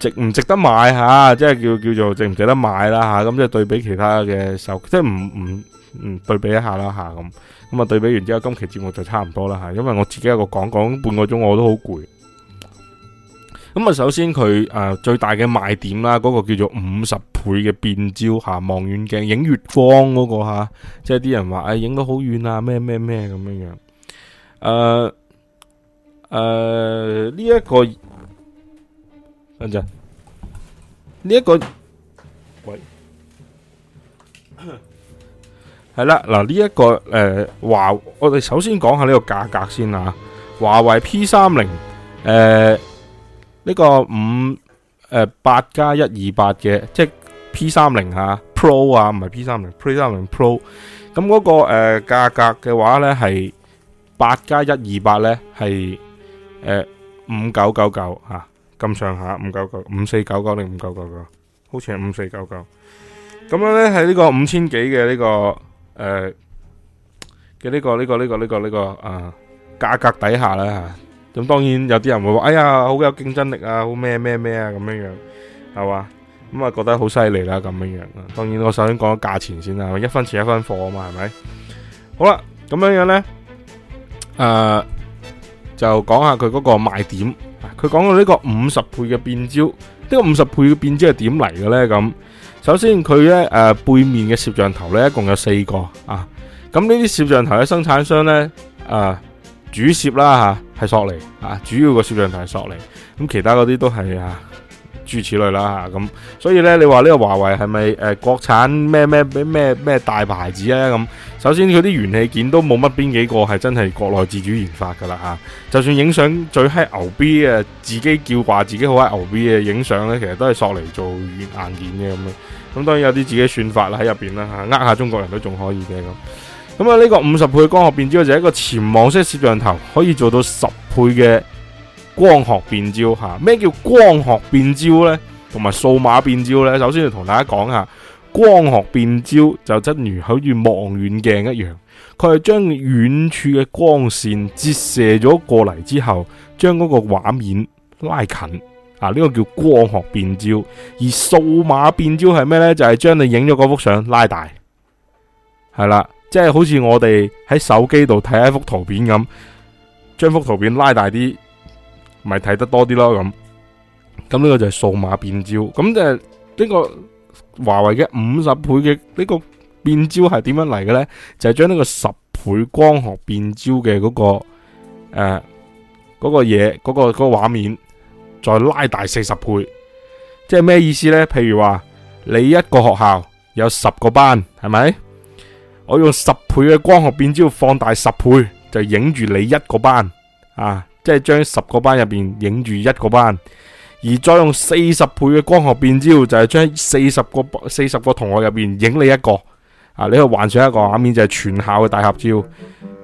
值唔值得買吓、啊，即係叫叫做值唔值得買啦吓，咁、啊、即係對比其他嘅手，即係唔唔唔對比一下啦吓，咁咁啊就對比完之後，今期節目就差唔多啦吓、啊，因為我自己一個講講半個鐘，我都好攰。咁啊，首先佢誒、呃、最大嘅賣點啦，嗰、那個叫做五十倍嘅變焦吓、啊、望遠鏡影月光嗰、那個吓、啊，即係啲人話誒影到好遠啊，咩咩咩咁樣樣。誒誒呢一個。真真，呢、這、一個，喂，係啦嗱，呢、這、一個誒華、呃，我哋首先講下呢個價格先啊。華為 P 三零誒呢個五誒八加一二八嘅，即係 P 三零啊 Pro 啊，唔係 P 三零，P 三零 Pro 那、那個。咁嗰個誒價格嘅話咧，係八加一二八咧，係誒五九九九啊。咁上下五九九五四九九定五九九九，599, 5499, 5499, 好似係五四九九。咁樣咧喺呢個五千幾嘅呢個誒嘅呢個呢個呢個呢個呢個啊價格底下啦，咁當然有啲人會話，哎呀，好有競爭力啊，好咩咩咩啊咁樣樣係嘛，咁啊覺得好犀利啦咁樣樣啊。當然我首先講價錢先啦，一分錢一分貨啊嘛，係咪？好啦，咁樣樣咧，誒、呃、就講下佢嗰個賣點。佢講到呢個五十倍嘅變焦，呢、呢個五十倍嘅變焦係點嚟嘅呢？咁首先佢呢誒背面嘅攝像頭呢，一共有四個啊，咁呢啲攝像頭嘅生產商呢，誒、啊、主攝啦嚇係索尼啊，主要個攝像頭係索尼，咁其他嗰啲都係啊。諸如此類啦，咁所以呢，你話呢個華為係咪誒國產咩咩咩咩大牌子啊？咁首先佢啲元器件都冇乜邊幾個係真係國內自主研發噶啦吓，就算影相最嗨牛逼嘅，自己叫掛自己好嗨牛逼嘅影相呢，其實都係索尼做軟硬件嘅咁嘅，咁當然有啲自己算法啦喺入邊啦吓，呃、啊、下中國人都仲可以嘅咁，咁啊呢個五十倍光學變焦就係一個潛望式攝像頭，可以做到十倍嘅。光學變焦吓，咩叫光學變焦呢？同埋數碼變焦呢，首先，要同大家講下光學變焦就真如好似望遠鏡一樣，佢係將遠處嘅光線折射咗過嚟之後，將嗰個畫面拉近啊。呢個叫光學變焦。而數碼變焦係咩呢？就係將你影咗嗰幅相拉大，係啦，即係好似我哋喺手機度睇一幅圖片咁，將幅圖片拉大啲。咪睇得多啲咯，咁，咁呢個就係數碼變焦，咁即係呢個華為嘅五十倍嘅呢個變焦係點樣嚟嘅呢？就係將呢個十倍光學變焦嘅嗰個誒嗰個嘢嗰個嗰個畫面再拉大四十倍，即係咩意思呢？譬如話你一個學校有十個班，係咪？我用十倍嘅光學變焦放大十倍，就影住你一個班啊！即係將十個班入邊影住一個班，而再用四十倍嘅光學變焦就係、是、將四十個四十個同學入邊影你一個，啊，你去幻想一個畫面就係、是、全校嘅大合照。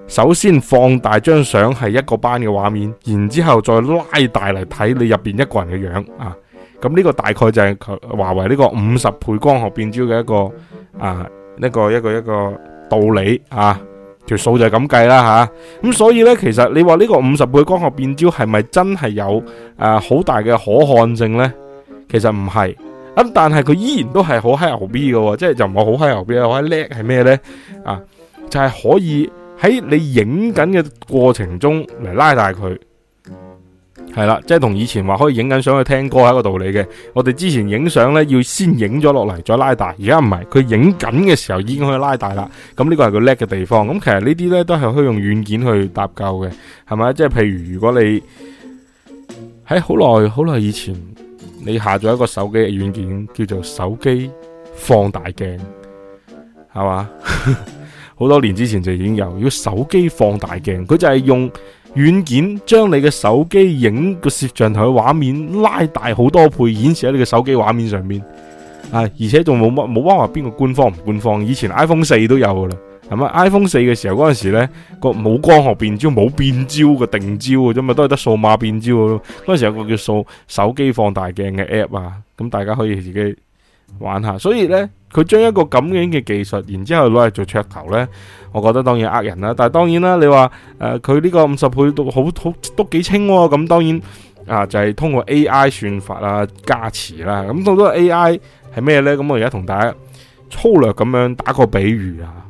首先放大張相係一個班嘅畫面，然之後再拉大嚟睇你入邊一個人嘅樣啊。咁呢個大概就係華為呢個五十倍光學變焦嘅一個啊、這個、一個一個一個道理啊。條數就係咁計啦吓，咁、啊、所以呢，其實你話呢個五十倍光學變焦係咪真係有誒好、啊、大嘅可看性呢？其實唔係，咁、啊、但係佢依然都係好嗨牛 B 嘅，即、啊、係就唔係好嗨牛 B，好叻係咩呢？啊，就係、是、可以喺你影緊嘅過程中嚟拉大佢。係啦，即係同以前話可以影緊相去聽歌係一個道理嘅。我哋之前影相呢，要先影咗落嚟再拉大，而家唔係，佢影緊嘅時候已經可以拉大啦。咁呢個係佢叻嘅地方。咁其實呢啲呢，都係可以用軟件去搭救嘅，係咪？即係譬如如果你喺好耐好耐以前，你下載一個手機嘅軟件叫做手機放大鏡，係嘛？好 多年之前就已經有要手機放大鏡，佢就係用。軟件將你嘅手機影個攝像頭嘅畫面拉大好多倍，顯示喺你嘅手機畫面上面啊、哎！而且仲冇乜冇話邊個官方唔官方，以前 iPhone 四都有噶啦，係咪？iPhone 四嘅時候嗰陣時呢，個冇光學變焦冇變焦嘅定焦嘅啫嘛，都係得數碼變焦咯。嗰陣時有個叫數手機放大鏡嘅 app 啊，咁大家可以自己。玩下，所以呢，佢將一個咁樣嘅技術，然之後攞嚟做噱頭呢，我覺得當然呃人啦。但係當然啦，你話誒，佢、呃、呢個五十倍都好好都幾清咁、哦，當然啊，就係、是、通過 AI 算法啦、加持啦，咁、啊、到底 AI 係咩呢？咁我而家同大家粗略咁樣打個比喻啊，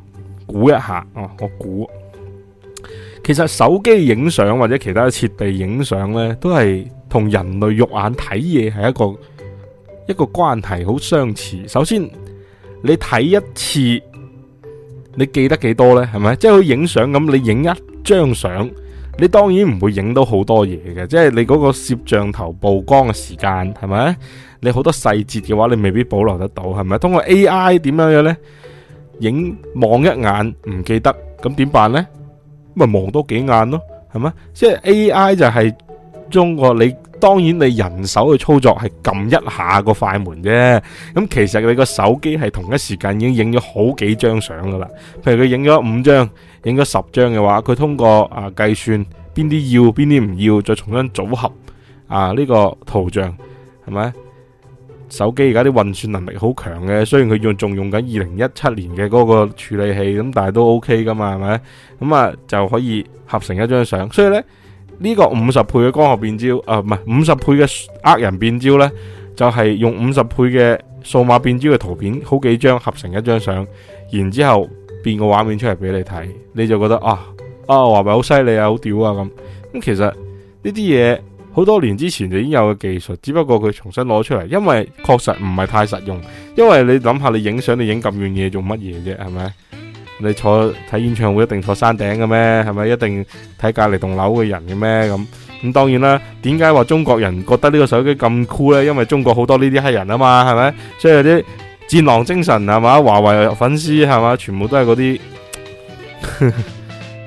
估一下哦，我估，其實手機影相或者其他設備影相呢，都係同人類肉眼睇嘢係一個。一個關係好相似。首先，你睇一次，你記得幾多呢？係咪？即係好似影相咁，你影一張相，你當然唔會影到好多嘢嘅。即係你嗰個攝像頭曝光嘅時間，係咪？你好多細節嘅話，你未必保留得到，係咪？通過 AI 點樣樣呢？影望一眼唔記得，咁點辦呢？咪望多幾眼咯，係咪？即係 AI 就係中國你。當然你人手去操作係撳一下個快門啫，咁其實你個手機係同一時間已經影咗好幾張相噶啦。譬如佢影咗五張、影咗十張嘅話，佢通過啊計算邊啲要邊啲唔要，再重新組合啊呢個圖像係咪？手機而家啲運算能力好強嘅，雖然佢用仲用緊二零一七年嘅嗰個處理器，咁但係都 OK 噶嘛係咪？咁啊就可以合成一張相，所以呢。呢、這個五十倍嘅光學變焦，啊唔係五十倍嘅呃人變焦呢，就係、是、用五十倍嘅數碼變焦嘅圖片，好幾張合成一張相，然之後變個畫面出嚟俾你睇，你就覺得啊啊華為好犀利啊，好、啊啊、屌啊咁。咁、嗯、其實呢啲嘢好多年之前就已經有嘅技術，只不過佢重新攞出嚟，因為確實唔係太實用。因為你諗下你影相，你影咁遠嘢做乜嘢啫係咪？是你坐睇演唱會一定坐山頂嘅咩？係咪一定睇隔籬棟樓嘅人嘅咩？咁咁當然啦。點解話中國人覺得呢個手機咁酷呢？因為中國好多呢啲黑人啊嘛，係咪？所以有啲戰狼精神係嘛，華為有粉絲係嘛，全部都係嗰啲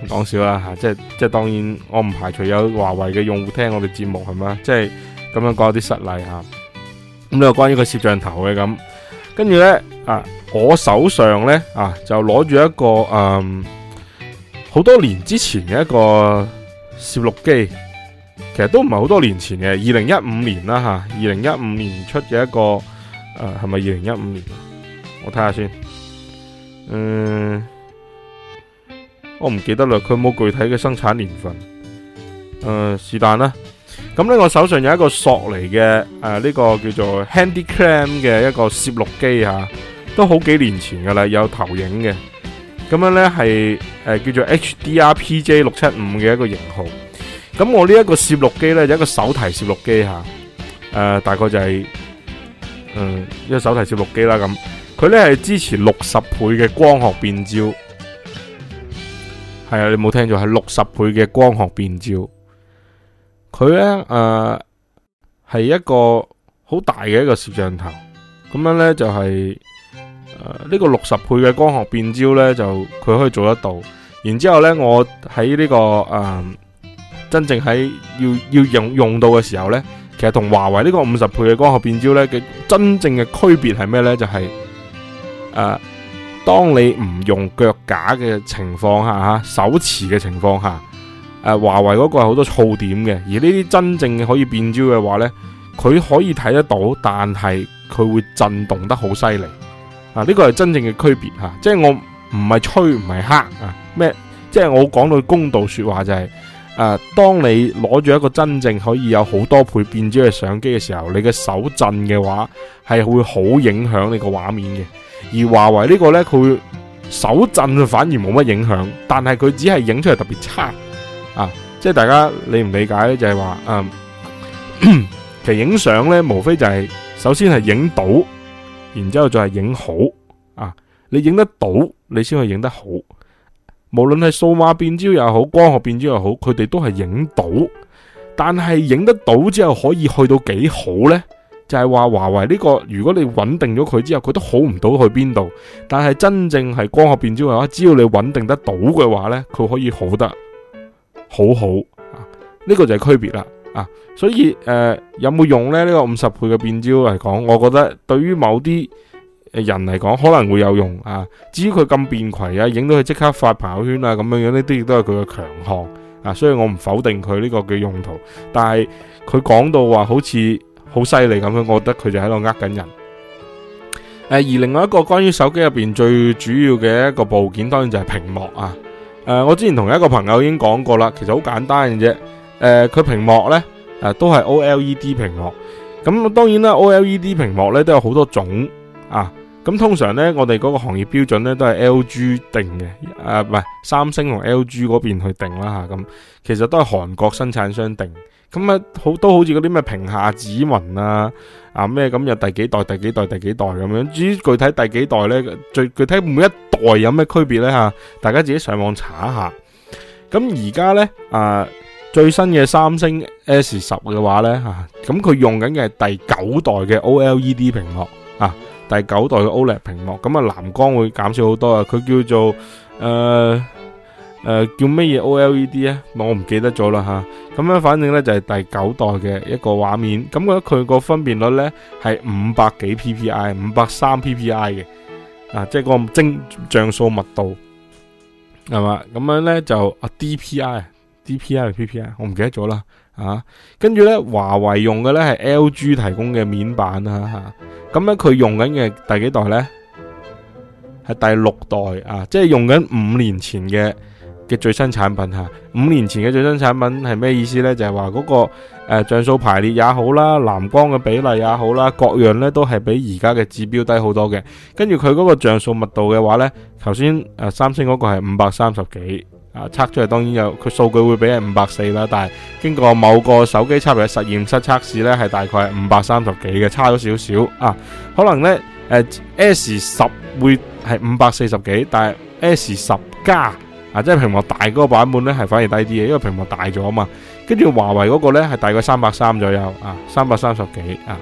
講笑啦吓。即係即係當然，我唔排除有華為嘅用戶聽我哋節目係嘛。即係咁樣講有啲失禮吓。咁又關於個攝像頭嘅咁，跟住呢。啊！我手上呢啊，就攞住一個誒，好多年之前嘅一個攝錄機，其實都唔係好多年前嘅，二零一五年啦吓，二零一五年出嘅一個誒，係咪二零一五年？我睇下先，嗯，我唔記得啦，佢冇具體嘅生產年份，誒，是但啦。咁呢，我手上有一個索尼嘅誒，呢個叫做 Handycam 嘅一個攝錄機吓。都好幾年前噶啦，有投影嘅，咁樣呢係誒、呃、叫做 HDRPJ 六七五嘅一個型號。咁我呢一個攝錄機呢，有一個手提攝錄機吓，誒、呃、大概就係、是，嗯一個手提攝錄機啦咁。佢呢係支持六十倍嘅光學變焦，係啊，你冇聽錯，係六十倍嘅光學變焦。佢呢，誒、呃、係一個好大嘅一個攝像頭，咁樣呢就係、是。呢、呃這個六十倍嘅光學變焦呢，就佢可以做得到。然之後呢，我喺呢、這個誒、呃，真正喺要要用用到嘅時候呢，其實同華為呢個五十倍嘅光學變焦呢，嘅真正嘅區別係咩呢？就係、是、誒、呃，當你唔用腳架嘅情況下，吓手持嘅情況下，誒、呃，華為嗰個係好多噪點嘅，而呢啲真正嘅可以變焦嘅話呢，佢可以睇得到，但係佢會震動得好犀利。啊！呢個係真正嘅區別吓，即係我唔係吹唔係黑啊咩，即係我講到公道說話就係，誒，當你攞住一個真正可以有好多倍變焦嘅相機嘅時候，你嘅手震嘅話係會好影響你個畫面嘅。而華為呢個呢，佢手震反而冇乜影響，但係佢只係影出嚟特別差啊！即係大家理唔理解呢，就係話，嗯， 其實影相呢，無非就係首先係影到。然之後再係影好啊，你影得到，你先可以影得好。無論係數碼變焦又好，光學變焦又好，佢哋都係影到。但係影得到之後，可以去到幾好呢？就係話華為呢個，如果你穩定咗佢之後，佢都好唔到去邊度。但係真正係光學變焦嘅話，只要你穩定得到嘅話呢，佢可以好得好好啊。呢個就係區別啦。啊，所以誒、呃、有冇用呢？呢、呢個五十倍嘅變焦嚟講，我覺得對於某啲人嚟講可能會有用啊。至於佢咁便攜啊，影到佢即刻發朋友圈啊，咁樣樣呢啲亦都係佢嘅強項啊。所以我唔否定佢呢個嘅用途，但係佢講到話好似好犀利咁樣，我覺得佢就喺度呃緊人、啊。而另外一個關於手機入邊最主要嘅一個部件，當然就係屏幕啊。誒、啊，我之前同一個朋友已經講過啦，其實好簡單嘅啫。誒、呃、佢屏幕咧、啊，都係 O L E D 屏幕咁。當然啦，O L E D 屏幕咧都有好多種啊。咁通常咧，我哋嗰個行業標準咧都係 L G 定嘅，誒、啊、唔係三星同 L G 嗰邊去定啦嚇咁、啊、其實都係韓國生產商定咁啊，好都好似嗰啲咩屏下指紋啊啊咩咁，又、啊、第幾代、第幾代、第幾代咁樣。至於具體第幾代咧，具體每一代有咩區別咧、啊、大家自己上網查一下。咁而家咧，啊～最新嘅三星 S 十嘅話咧吓，咁佢用緊嘅係第九代嘅 OLED 屏幕啊，第九代嘅 OLED 屏幕，咁啊藍光會減少好多、呃呃、啊，佢叫做誒誒叫乜嘢 OLED 啊，我唔記得咗啦吓，咁樣反正咧就係、是、第九代嘅一個畫面，咁佢個分辨率咧係五百幾 PPI，五百三 PPI 嘅啊，即、就、係、是、個精像素密度係嘛，咁樣咧就啊 DPI。C P I 定 P P I，我唔記得咗啦啊！跟住呢，華為用嘅呢係 L G 提供嘅面板啊吓，咁呢佢用緊嘅第幾代呢？係第六代啊,啊，即係用緊五年前嘅嘅最新產品吓，五、啊、年前嘅最新產品係咩意思呢？就係話嗰個誒、呃、像素排列也好啦，藍光嘅比例也好啦，各樣呢都係比而家嘅指標低好多嘅。跟住佢嗰個像素密度嘅話呢，頭先誒三星嗰個係五百三十幾。啊，測出嚟當然有，佢數據會畀你五百四啦，但係經過某個手機差別實驗室測試呢，係大概五百三十幾嘅，差咗少少啊。可能呢誒 S 十會係五百四十幾，但係 S 十加啊，即係屏幕大嗰個版本呢，係反而低啲嘅，因為屏幕大咗啊嘛。跟住華為嗰個呢，係大概三百三左右啊，三百三十幾啊。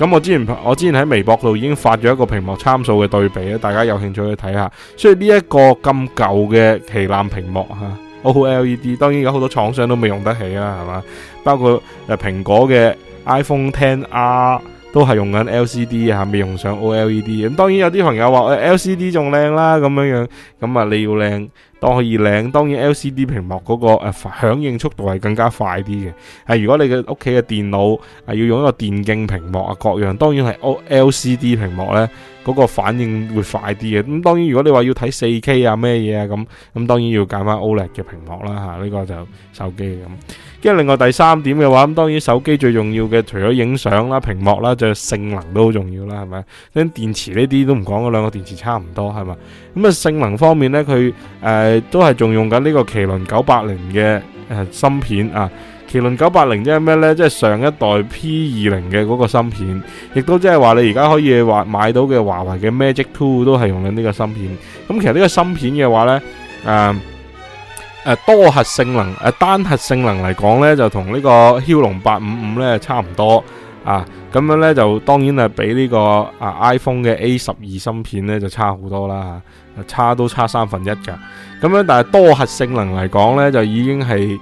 咁我之前我之前喺微博度已經發咗一個屏幕參數嘅對比啦大家有興趣去睇下。所以呢一個咁舊嘅旗艦屏幕吓，OLED，當然而家好多廠商都未用得起啦，係嘛？包括誒蘋果嘅 iPhone XR 都係用緊 LCD 啊，未用上 OLED。咁當然有啲朋友話，誒、呃、LCD 仲靚啦，咁樣樣，咁啊你要靚？當可以領，當然 LCD 屏幕嗰、那個誒、呃、響應速度係更加快啲嘅。係如果你嘅屋企嘅電腦係、呃、要用一個電競屏幕啊，各樣當然係 OLED 屏幕咧。嗰個反應會快啲嘅。咁，當然如果你話要睇四 K 啊咩嘢啊咁咁，當然要揀翻 OLED 嘅屏幕啦吓。呢個就手機咁，跟住另外第三點嘅話咁，當然手機最重要嘅除咗影相啦、屏幕啦，就性能都好重要啦，係咪？跟電池呢啲都唔講，嗰兩個電池差唔多係咪？咁啊，性能方面呢，佢誒、呃、都係仲用緊呢個麒麟九八零嘅誒芯片啊。麒麟九八零即係咩呢？即係上一代 P 二零嘅嗰個芯片，亦都即係話你而家可以話買到嘅華為嘅 Magic Two 都係用緊呢個芯片。咁其實呢個芯片嘅話呢，誒、呃、誒、呃、多核性能誒、呃、單核性能嚟講呢，就同呢個驍龍八五五呢差唔多啊。咁樣呢，就當然係比呢個啊 iPhone 嘅 A 十二芯片呢就差好多啦，差都差三分一噶。咁樣但係多核性能嚟講呢，就已經係。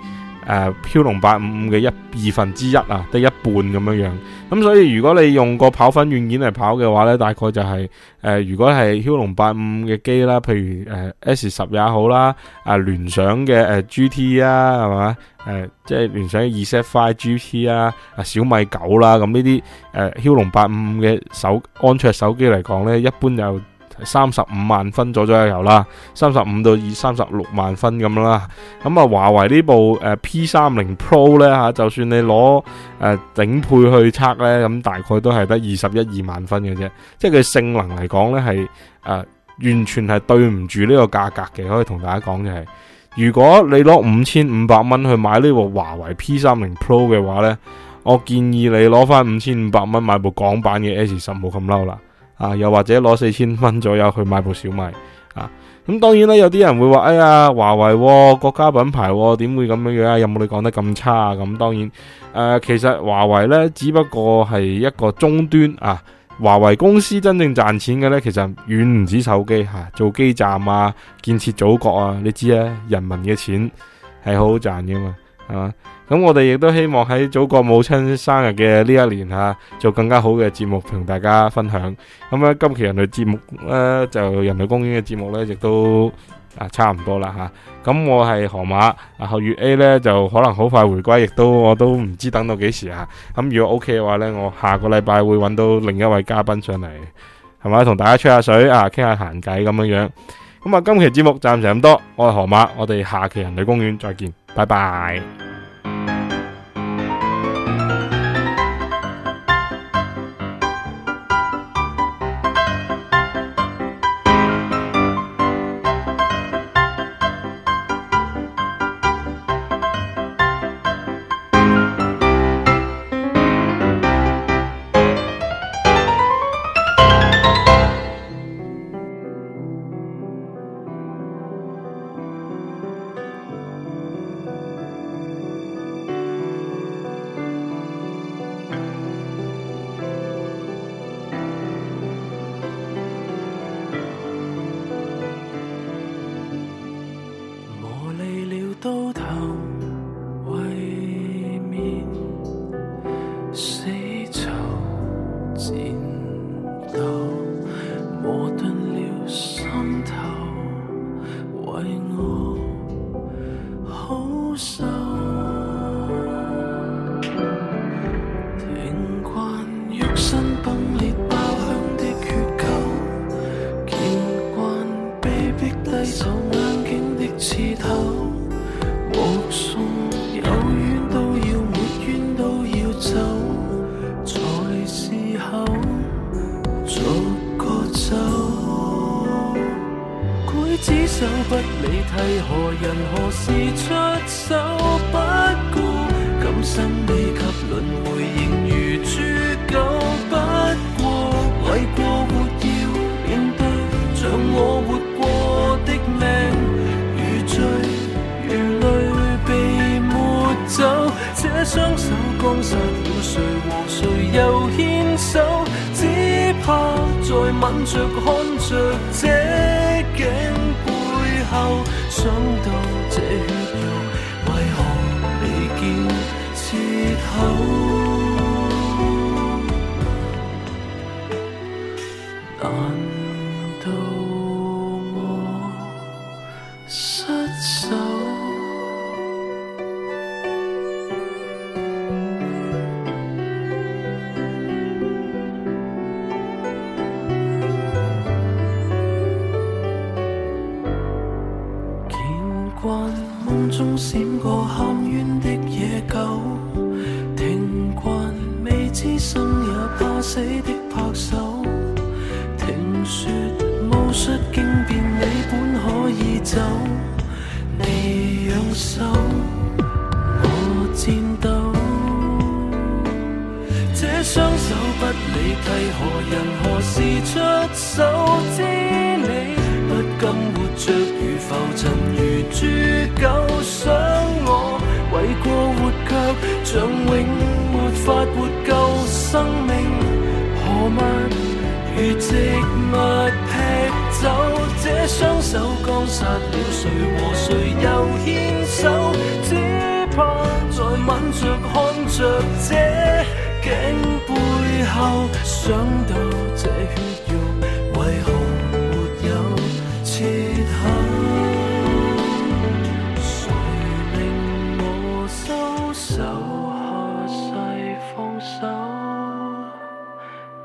誒、啊，驍龍八五五嘅一二分之一啊，得一半咁樣樣咁，所以如果你用個跑分軟件嚟跑嘅話咧，大概就係、是、誒、呃，如果係驍龍八五五嘅機啦，譬如誒 S 十也好啦，啊聯想嘅誒 G T 啊，係嘛誒，即係聯想嘅 Z five G T 啊，啊小米九啦，咁呢啲誒驍龍八五五嘅手安卓手機嚟講咧，一般就，三十五萬分左左右啦，三十五到二三十六萬分咁啦。咁啊，華為呢部誒 P 三零 Pro 咧吓，就算你攞誒頂配去測咧，咁大概都係得二十一二萬分嘅啫。即係佢性能嚟講咧，係、呃、誒完全係對唔住呢個價格嘅。可以同大家講就係、是，如果你攞五千五百蚊去買呢部華為 P 三零 Pro 嘅話咧，我建議你攞翻五千五百蚊買部港版嘅 S 十，冇咁嬲啦。啊，又或者攞四千蚊左右去買部小米啊，咁當然呢，有啲人會話，哎呀，華為國家品牌，點、啊、會咁樣樣啊？有冇你講得咁差啊？咁當然，誒、呃，其實華為呢，只不過係一個終端啊，華為公司真正賺錢嘅呢，其實遠唔止手機吓、啊，做基站啊，建設祖國啊，你知啊，人民嘅錢係好好賺嘅嘛。啊，咁我哋亦都希望喺祖國母親生日嘅呢一年吓、啊，做更加好嘅節目同大家分享。咁咧，今期人類節目咧就人類公園嘅節目咧，亦都啊差唔多啦吓。咁、啊、我係河馬，後、啊、月 A 咧就可能好快回歸，亦都我都唔知等到幾時吓。咁、啊啊、如果 OK 嘅話咧，我下個禮拜會揾到另一位嘉賓上嚟，係咪同大家吹下水啊，傾下閒偈咁樣樣。咁啊，今期節目暫時咁多，我係河馬，我哋下期人類公園再見，拜拜。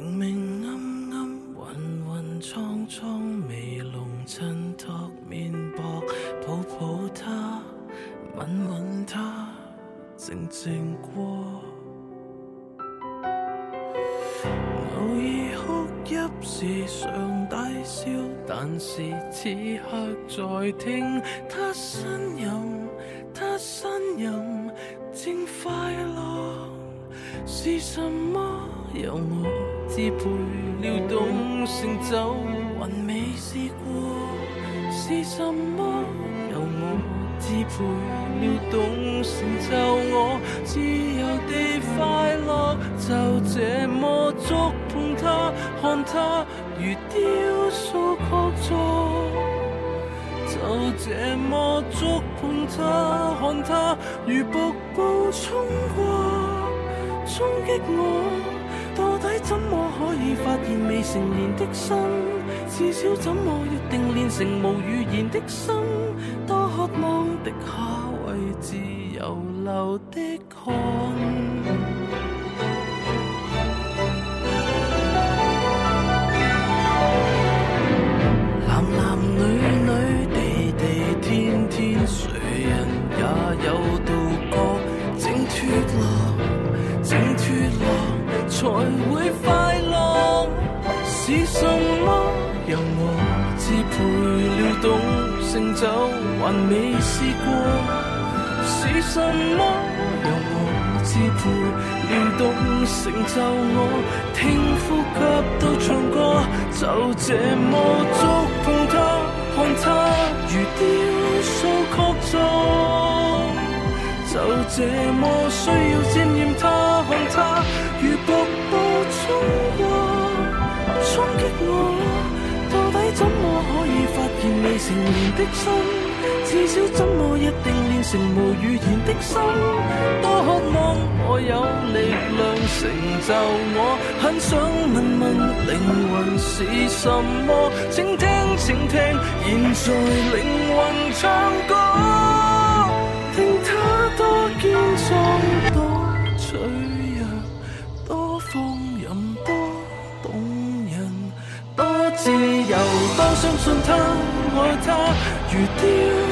明明暗暗，渾渾蒼蒼，眉龍襯托面薄，抱抱他，吻吻他，靜靜過。偶爾哭泣，時常大笑，但是此刻在聽他呻吟，他呻吟正快樂，是什麼有我？支配了懂成就，還未試過是什麼？由我支配了懂成就我，我自由地快樂，就這麼觸碰它，看它如雕塑創作，就這麼觸碰它，看它如瀑布衝過，衝擊我。已發現未成年的身，至少怎麼約定練成無語言的心？多渴望的下位自由流的空。未試過是甚麼？由我支配，連動成就我，聽呼吸都唱過，就這麼觸碰它，看它如雕塑確鑿，就這麼需要沾染它，看它如瀑布衝過，啊，衝擊我，到底怎麼可以發現未成年的心？至少，怎麼一定練成無語言的心？多渴望我有力量成就我，很想問問靈魂是什麼？請聽，請聽，現在靈魂唱歌，聽他多健壯，多脆弱，多放任，多動人，多自由，多相信他，愛他如雕。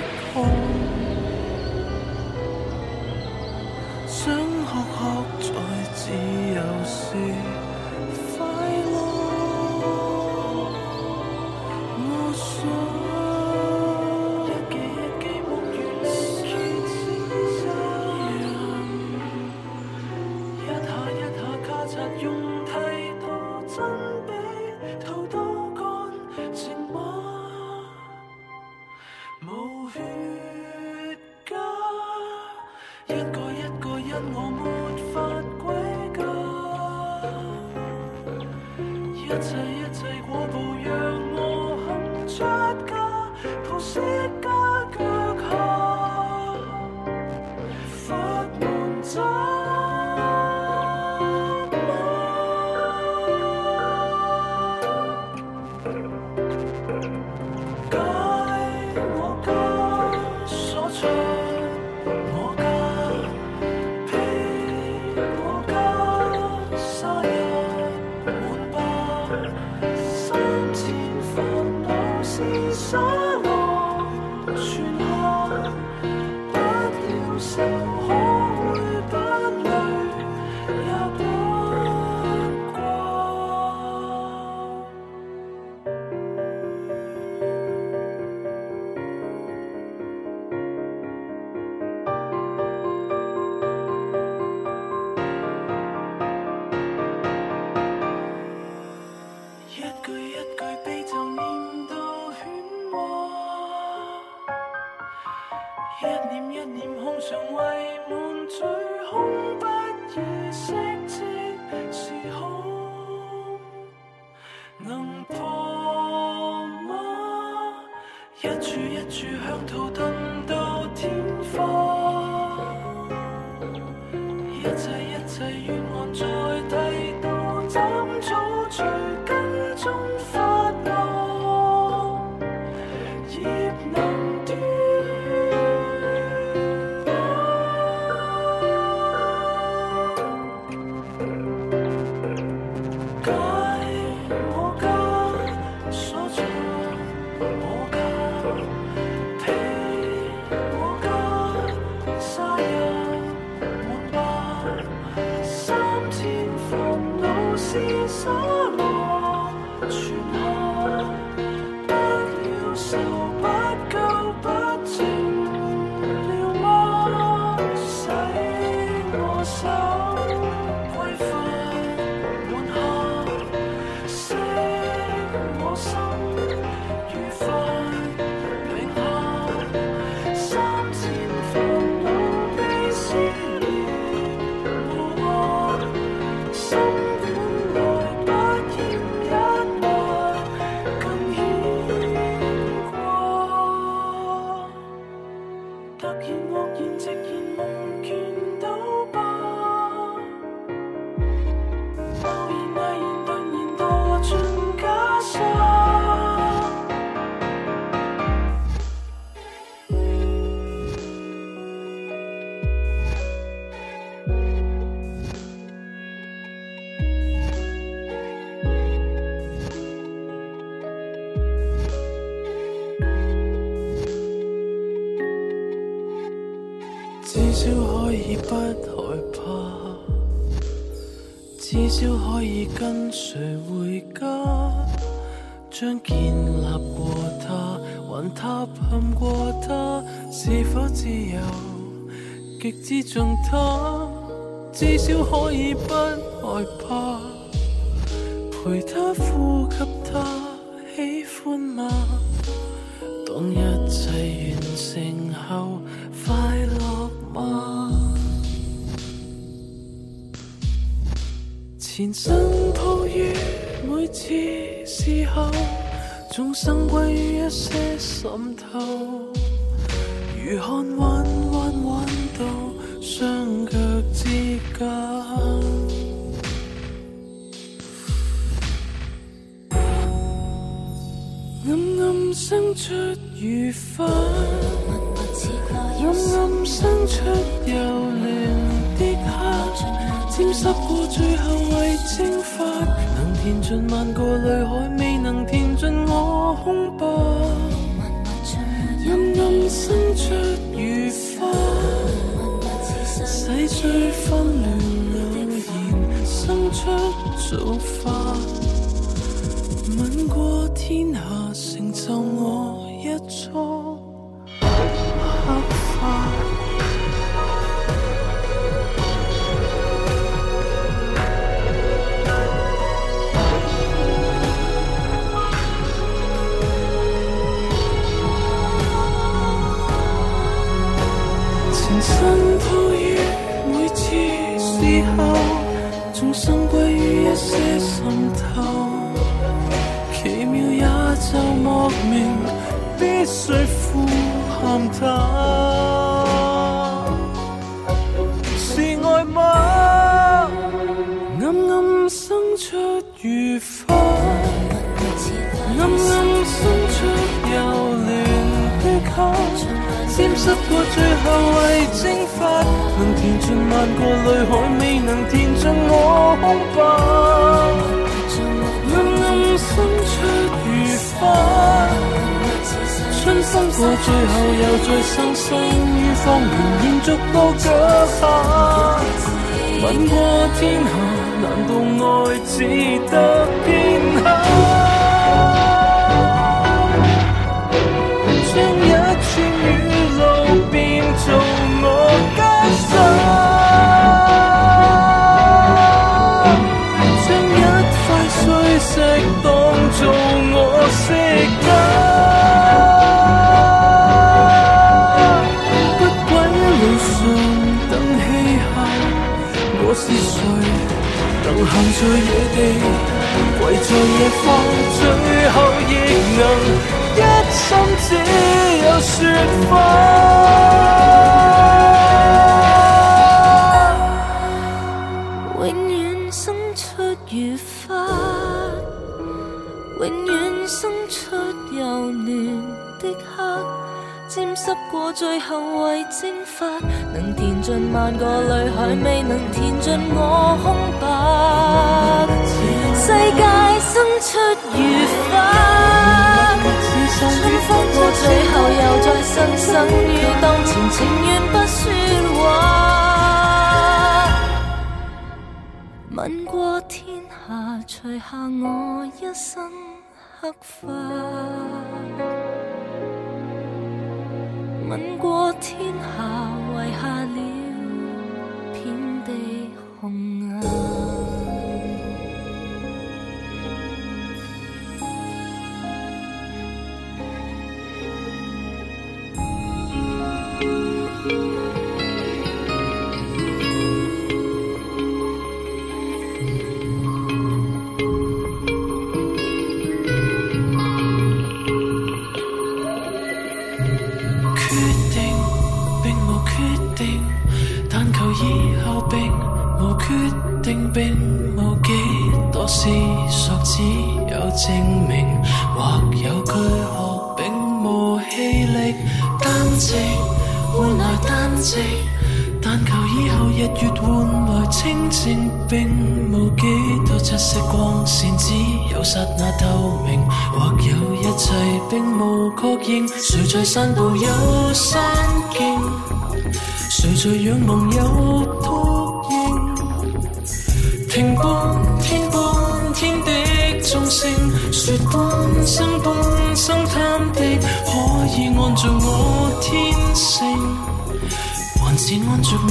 自重他，至少可以不害怕。陪他呼吸他，他喜歡嗎？當一切完成後，快樂嗎？前生託於每次邂逅，終生歸於一些心痛。出如花，暗暗生出柔嫩的黑，沾濕過最後為蒸發，能填盡萬個淚海，未能填盡我空白。暗暗生出如花，洗去紛亂偶然生出造化，吻過天下，成就我。最後為蒸發，能填盡萬個淚海，未能填盡我空白。暗暗生出如花，春風過，最後又再生，生於荒原，延續到腳下。吻過天下，難道愛只得片刻？將、啊、一塊碎石當做我識家，不軌路上等氣候。我是誰？能行在野地，跪在野放，最後亦能一生只有雪花。後為蒸發，能填盡萬個淚海，未能填盡我空白。世界生出如花，春風過，最後又再生生。於當前情願不說話，吻過天下，除下我一身黑髮。吻過天下，遺下了。確認，誰在散步有山徑？誰在仰望有禿鷹？聽半天半天的鐘聲，說半生半生貪的，可以按著我天性，還是按著我？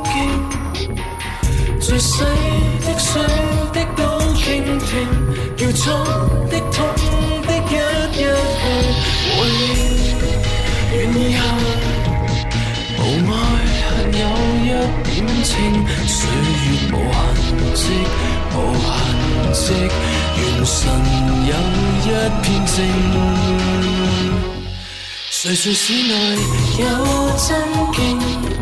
水洗的水的都傾聽，叫痛的痛的一一記，願以後無愛恨，有一點情歲月無痕迹，無痕迹，元神有一片靜。誰說死內有真經？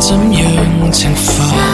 怎樣懲罰？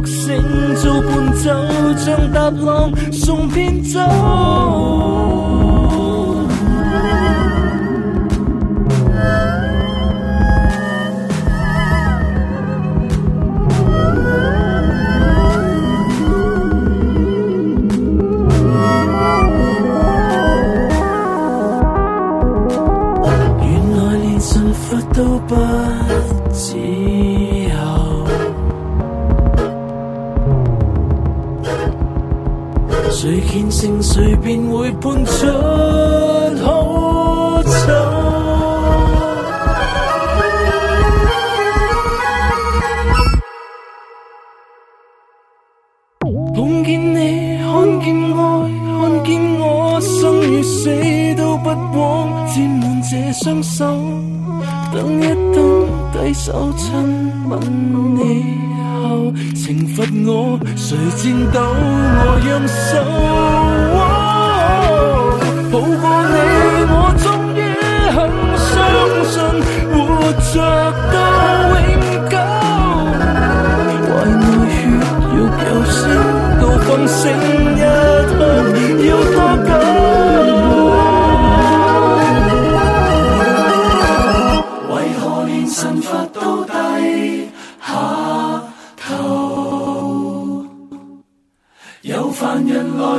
歌聲做伴奏，像踏浪送扁走，哦。原來連神佛都不。情緒便會判出好醜。 碰見你，看見愛，看見我，生與死都不枉，沾滿這雙手。等一等，低手親吻你。懲罰我，誰顫到我用手抱過你，我終於肯相信，活着到永久。懷內血肉有聲到放聲一哭，要多久？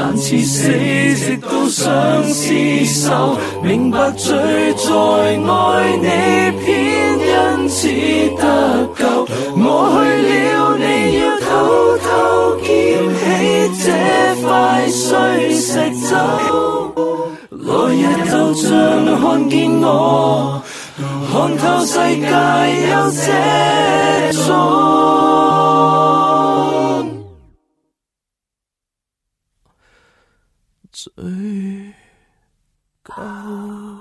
但似死直到想廝守，明白最在愛你，偏因此得救，我去了，你要偷偷撿起這塊碎石走。來日就像看見我，看透世界有這種。最高。